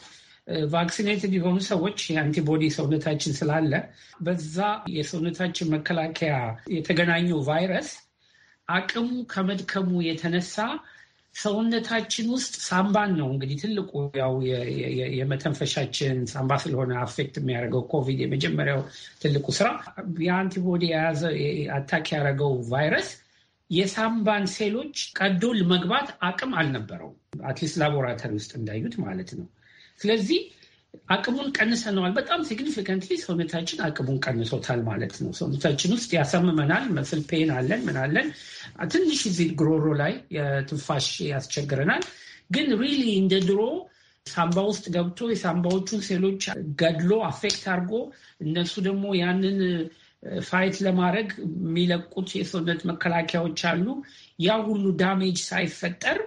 ቫክሲኔትድ የሆኑ ሰዎች የአንቲቦዲ ሰውነታችን ስላለ በዛ የሰውነታችን መከላከያ የተገናኘው ቫይረስ አቅሙ ከመድከሙ የተነሳ ሰውነታችን ውስጥ ሳምባን ነው እንግዲህ ትልቁ ያው የመተንፈሻችን ሳምባ ስለሆነ አፌክት የሚያደርገው ኮቪድ የመጀመሪያው ትልቁ ስራ የአንቲቦዲ የያዘ አታክ ያደረገው ቫይረስ የሳምባን ሴሎች ቀዶ ለመግባት አቅም አልነበረው አትሊስት ላቦራቶሪ ውስጥ እንዳዩት ማለት ነው። ስለዚህ አቅሙን ቀንሰነዋል። በጣም ሲግኒፊካንትሊ ሰውነታችን አቅሙን ቀንሶታል ማለት ነው። ሰውነታችን ውስጥ ያሳምመናል፣ መስል ፔን አለን፣ ምን አለን፣ ትንሽ እዚህ ግሮሮ ላይ የትንፋሽ ያስቸግረናል። ግን ሪሊ እንደ ድሮ ሳምባ ውስጥ ገብቶ የሳምባዎቹን ሴሎች ገድሎ አፌክት አድርጎ እነሱ ደግሞ ያንን ፋይት ለማድረግ የሚለቁት የሰውነት መከላከያዎች አሉ። ያ ሁሉ ዳሜጅ ሳይፈጠር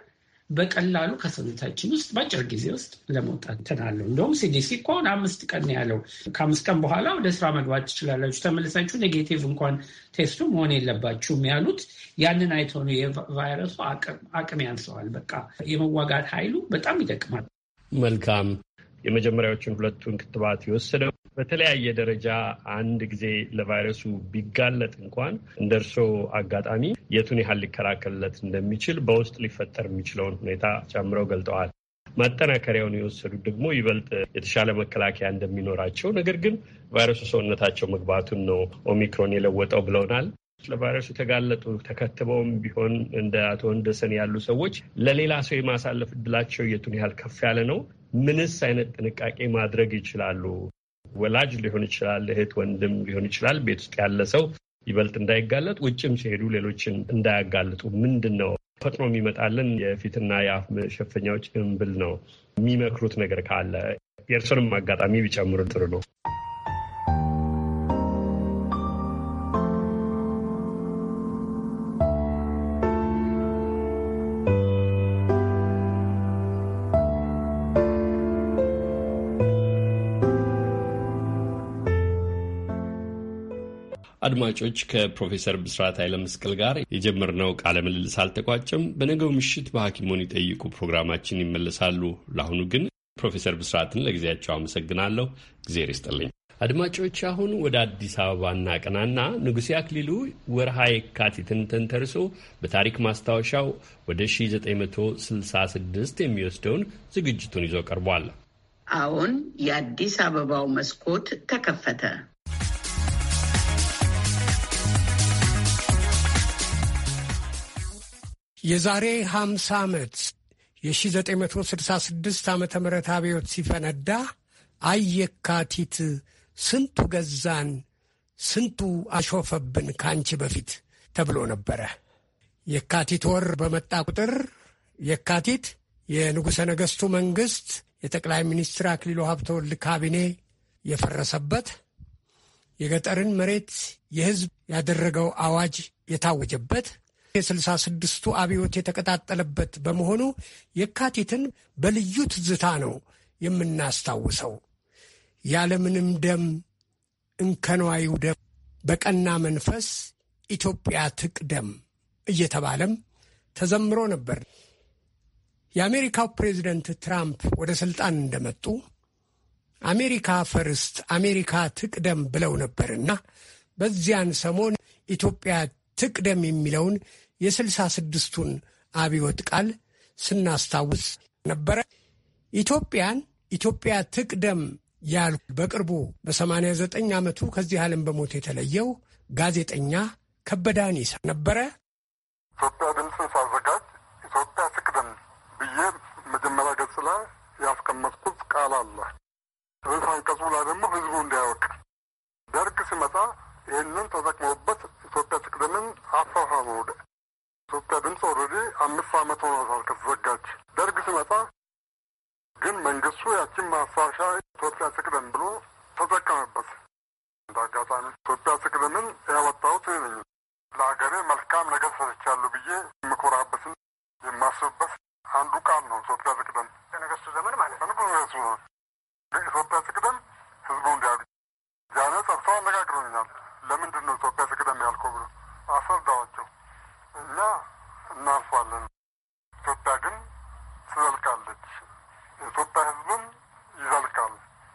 በቀላሉ ከሰውነታችን ውስጥ በአጭር ጊዜ ውስጥ ለመውጣት ትናለሁ። እንደውም ሲዲሲ እኮ አምስት ቀን ያለው ከአምስት ቀን በኋላ ወደ ስራ መግባት ትችላላችሁ፣ ተመልሳችሁ ኔጌቲቭ እንኳን ቴስቱ መሆን የለባችሁም ያሉት ያንን አይተው ነው። የቫይረሱ አቅም ያንሰዋል። በቃ የመዋጋት ኃይሉ በጣም ይጠቅማል መልካም የመጀመሪያዎችን ሁለቱን ክትባት የወሰደው በተለያየ ደረጃ አንድ ጊዜ ለቫይረሱ ቢጋለጥ እንኳን እንደ እርስዎ አጋጣሚ የቱን ያህል ሊከላከልለት እንደሚችል በውስጥ ሊፈጠር የሚችለውን ሁኔታ ጨምረው ገልጠዋል። ማጠናከሪያውን የወሰዱት ደግሞ ይበልጥ የተሻለ መከላከያ እንደሚኖራቸው፣ ነገር ግን ቫይረሱ ሰውነታቸው መግባቱን ነው ኦሚክሮን የለወጠው ብለውናል። ለቫይረሱ የተጋለጡ ተከትበውም ቢሆን እንደ አቶ ወንደሰን ያሉ ሰዎች ለሌላ ሰው የማሳለፍ እድላቸው የቱን ያህል ከፍ ያለ ነው? ምንስ አይነት ጥንቃቄ ማድረግ ይችላሉ? ወላጅ ሊሆን ይችላል፣ እህት ወንድም ሊሆን ይችላል። ቤት ውስጥ ያለ ሰው ይበልጥ እንዳይጋለጥ፣ ውጭም ሲሄዱ ሌሎችን እንዳያጋልጡ ምንድን ነው ፈጥኖ የሚመጣልን የፊትና የአፍ መሸፈኛዎች እምብል ነው የሚመክሩት ነገር ካለ የእርሱንም አጋጣሚ ቢጨምሩ ጥሩ ነው። አድማጮች ከፕሮፌሰር ብስራት ኃይለ መስቀል ጋር የጀመርነው ቃለ ምልልስ አልተቋጨም። በነገው ምሽት በሐኪሙን ይጠይቁ ፕሮግራማችን ይመለሳሉ። ለአሁኑ ግን ፕሮፌሰር ብስራትን ለጊዜያቸው አመሰግናለሁ። እግዜር ይስጥልኝ። አድማጮች አሁን ወደ አዲስ አበባ እናቀናና ንጉሴ አክሊሉ ወርሃ የካቲትን ተንተርሶ በታሪክ ማስታወሻው ወደ 1966 የሚወስደውን ዝግጅቱን ይዞ ቀርቧል። አሁን የአዲስ አበባው መስኮት ተከፈተ። የዛሬ 50 ዓመት የ1966 ዓ ም አብዮት ሲፈነዳ አይ የካቲት ስንቱ ገዛን ስንቱ አሾፈብን ከአንቺ በፊት ተብሎ ነበረ። የካቲት ወር በመጣ ቁጥር የካቲት የንጉሠ ነገሥቱ መንግሥት የጠቅላይ ሚኒስትር አክሊሉ ሀብተወልድ ካቢኔ የፈረሰበት የገጠርን መሬት የሕዝብ ያደረገው አዋጅ የታወጀበት የስልሳ ስድስቱ አብዮት የተቀጣጠለበት በመሆኑ የካቲትን በልዩ ትዝታ ነው የምናስታውሰው። ያለምንም ደም እንከኗዩ ደም በቀና መንፈስ ኢትዮጵያ ትቅደም እየተባለም ተዘምሮ ነበር። የአሜሪካው ፕሬዚደንት ትራምፕ ወደ ሥልጣን እንደመጡ አሜሪካ ፈርስት አሜሪካ ትቅደም ብለው ነበርና በዚያን ሰሞን ኢትዮጵያ ትቅደም የሚለውን የስልሳ ስድስቱን አብዮት ቃል ስናስታውስ ነበረ። ኢትዮጵያን ኢትዮጵያ ትቅደም ያሉ በቅርቡ በ89 ዓመቱ ከዚህ ዓለም በሞት የተለየው ጋዜጠኛ ከበደ አኒሳ ነበረ። ኢትዮጵያ ድምፅ ሳዘጋጅ ኢትዮጵያ ትቅደም ብዬ መጀመሪያ ገጽ ላይ ያስቀመጥኩት ቃል አለ። ርዕሰ አንቀጹ ላይ ደግሞ ህዝቡ እንዳያወቅ ደርግ ሲመጣ ይህንን ተጠቅሞበት ኢትዮጵያ ጥቅምን አሳሳበ። ወደ ኢትዮጵያ ድምፅ ኦልሬዲ አምስት ዓመት ሆኗታል ከተዘጋች። ደርግ ሲመጣ ግን መንግስቱ ያችን ማሳሻ ኢትዮጵያ ትቅደም ብሎ ተጠቀመበት። እንደ አጋጣሚ ኢትዮጵያ ትቅደምን ያወጣሁት ነኝ። ለሀገሬ መልካም ነገር ሰርቻለሁ ብዬ የምኮራበትን የማስብበት አንዱ ቃል ነው ኢትዮጵያ ትቅደም። ዘመን ማለት ነው። ኢትዮጵያ ትቅደም ህዝቡ ጃነ አነጋግረኛል። ለምንድን ነው ኢትዮጵያ ትቅደም ያልከው ብሎ አስረዳዋቸው እኛ እናልፋለን ኢትዮጵያ ግን ትዘልቃለች። የኢትዮጵያ ሕዝብም ይዘልቃል።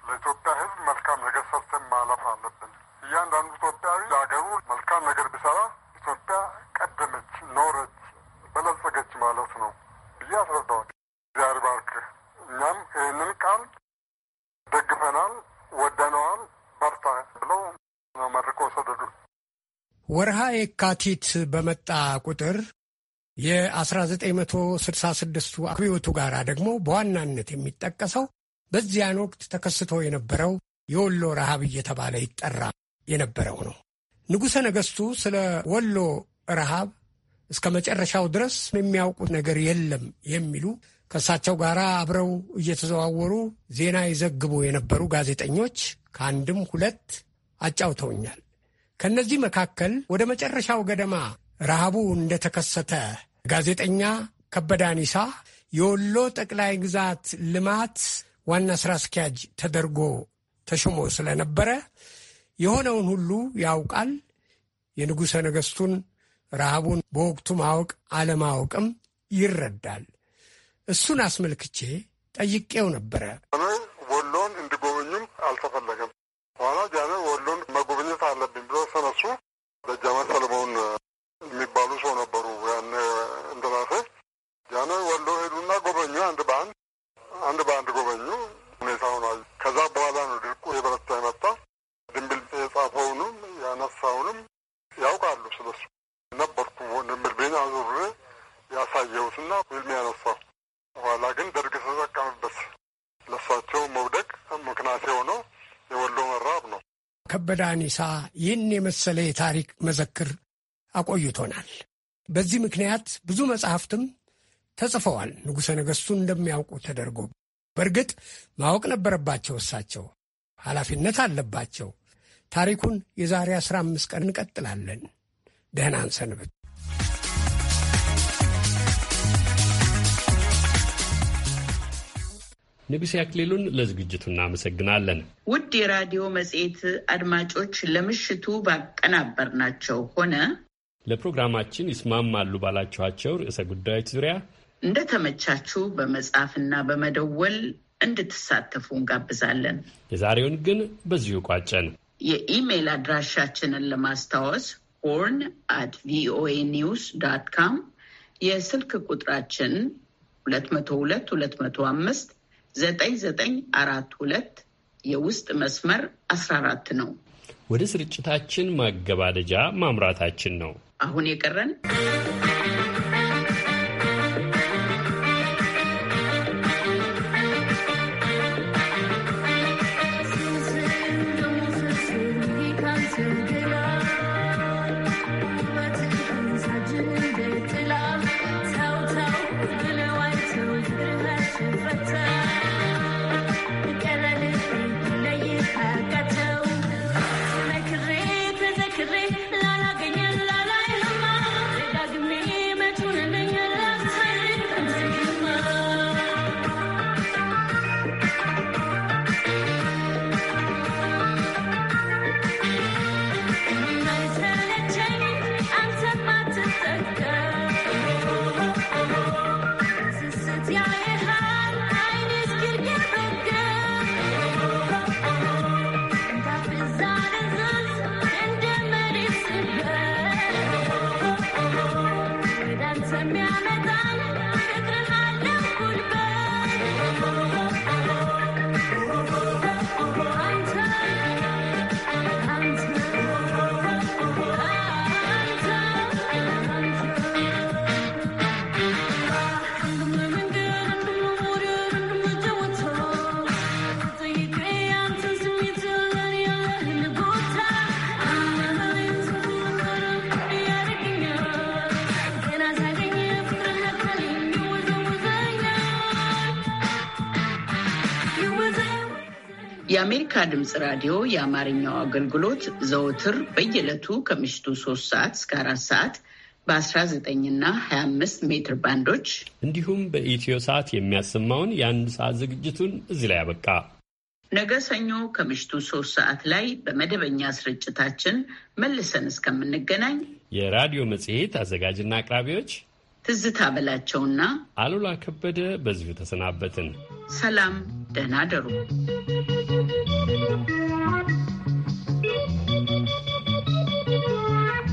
ለኢትዮጵያ ሕዝብ መልካም ነገር ሰርተን ማለፍ አለብን። እያንዳንዱ ኢትዮጵያዊ ለሀገሩ መልካም ነገር ቢሰራ ኢትዮጵያ ቀደመች፣ ኖረች፣ በለጸገች ማለት ነው ብዬ አስረዳዋል። ባርክ። እኛም ይህንን ቃል ደግፈናል፣ ወደነዋል። በርታ አርቆ ሰደዱ። ወርሃ የካቲት በመጣ ቁጥር የ1966ቱ አብዮቱ ጋር ደግሞ በዋናነት የሚጠቀሰው በዚያን ወቅት ተከስቶ የነበረው የወሎ ረሃብ እየተባለ ይጠራ የነበረው ነው። ንጉሠ ነገሥቱ ስለ ወሎ ረሃብ እስከ መጨረሻው ድረስ የሚያውቁት ነገር የለም የሚሉ ከእሳቸው ጋር አብረው እየተዘዋወሩ ዜና ይዘግቡ የነበሩ ጋዜጠኞች ከአንድም ሁለት አጫውተውኛል። ከእነዚህ መካከል ወደ መጨረሻው ገደማ ረሃቡ እንደተከሰተ ጋዜጠኛ ከበደ አኒሳ የወሎ ጠቅላይ ግዛት ልማት ዋና ስራ አስኪያጅ ተደርጎ ተሾሞ ስለነበረ የሆነውን ሁሉ ያውቃል። የንጉሠ ነገሥቱን ረሃቡን በወቅቱ ማወቅ አለማወቅም ይረዳል። እሱን አስመልክቼ ጠይቄው ነበረ። በዳኒሳ ይህን የመሰለ የታሪክ መዘክር አቆይቶናል። በዚህ ምክንያት ብዙ መጽሐፍትም ተጽፈዋል። ንጉሠ ነገሥቱ እንደሚያውቁ ተደርጎ በእርግጥ ማወቅ ነበረባቸው። እሳቸው ኃላፊነት አለባቸው። ታሪኩን የዛሬ አስራ አምስት ቀን እንቀጥላለን። ደህና አንሰንብት። ንጉሴ አክሊሉን ለዝግጅቱ እናመሰግናለን። ውድ የራዲዮ መጽሔት አድማጮች ለምሽቱ ባቀናበር ናቸው ሆነ ለፕሮግራማችን ይስማማሉ ባላችኋቸው ርዕሰ ጉዳዮች ዙሪያ እንደተመቻችሁ በመጻፍና በመደወል እንድትሳተፉ እንጋብዛለን። የዛሬውን ግን በዚሁ ቋጨን። የኢሜይል አድራሻችንን ለማስታወስ ሆርን አት ቪኦኤ ኒውስ ዳት ካም፣ የስልክ ቁጥራችን 202205 ዘጠኝ ዘጠኝ አራት ሁለት የውስጥ መስመር አስራ አራት ነው። ወደ ስርጭታችን ማገባደጃ ማምራታችን ነው አሁን የቀረን የአሜሪካ ድምፅ ራዲዮ የአማርኛው አገልግሎት ዘወትር በየዕለቱ ከምሽቱ ሶስት ሰዓት እስከ አራት ሰዓት በ19 እና 25 ሜትር ባንዶች እንዲሁም በኢትዮ ሰዓት የሚያሰማውን የአንድ ሰዓት ዝግጅቱን እዚህ ላይ ያበቃ። ነገ ሰኞ ከምሽቱ ሶስት ሰዓት ላይ በመደበኛ ስርጭታችን መልሰን እስከምንገናኝ የራዲዮ መጽሔት አዘጋጅና አቅራቢዎች ትዝታ በላቸውና አሉላ ከበደ በዚሁ ተሰናበትን። ሰላም፣ ደህና አደሩ።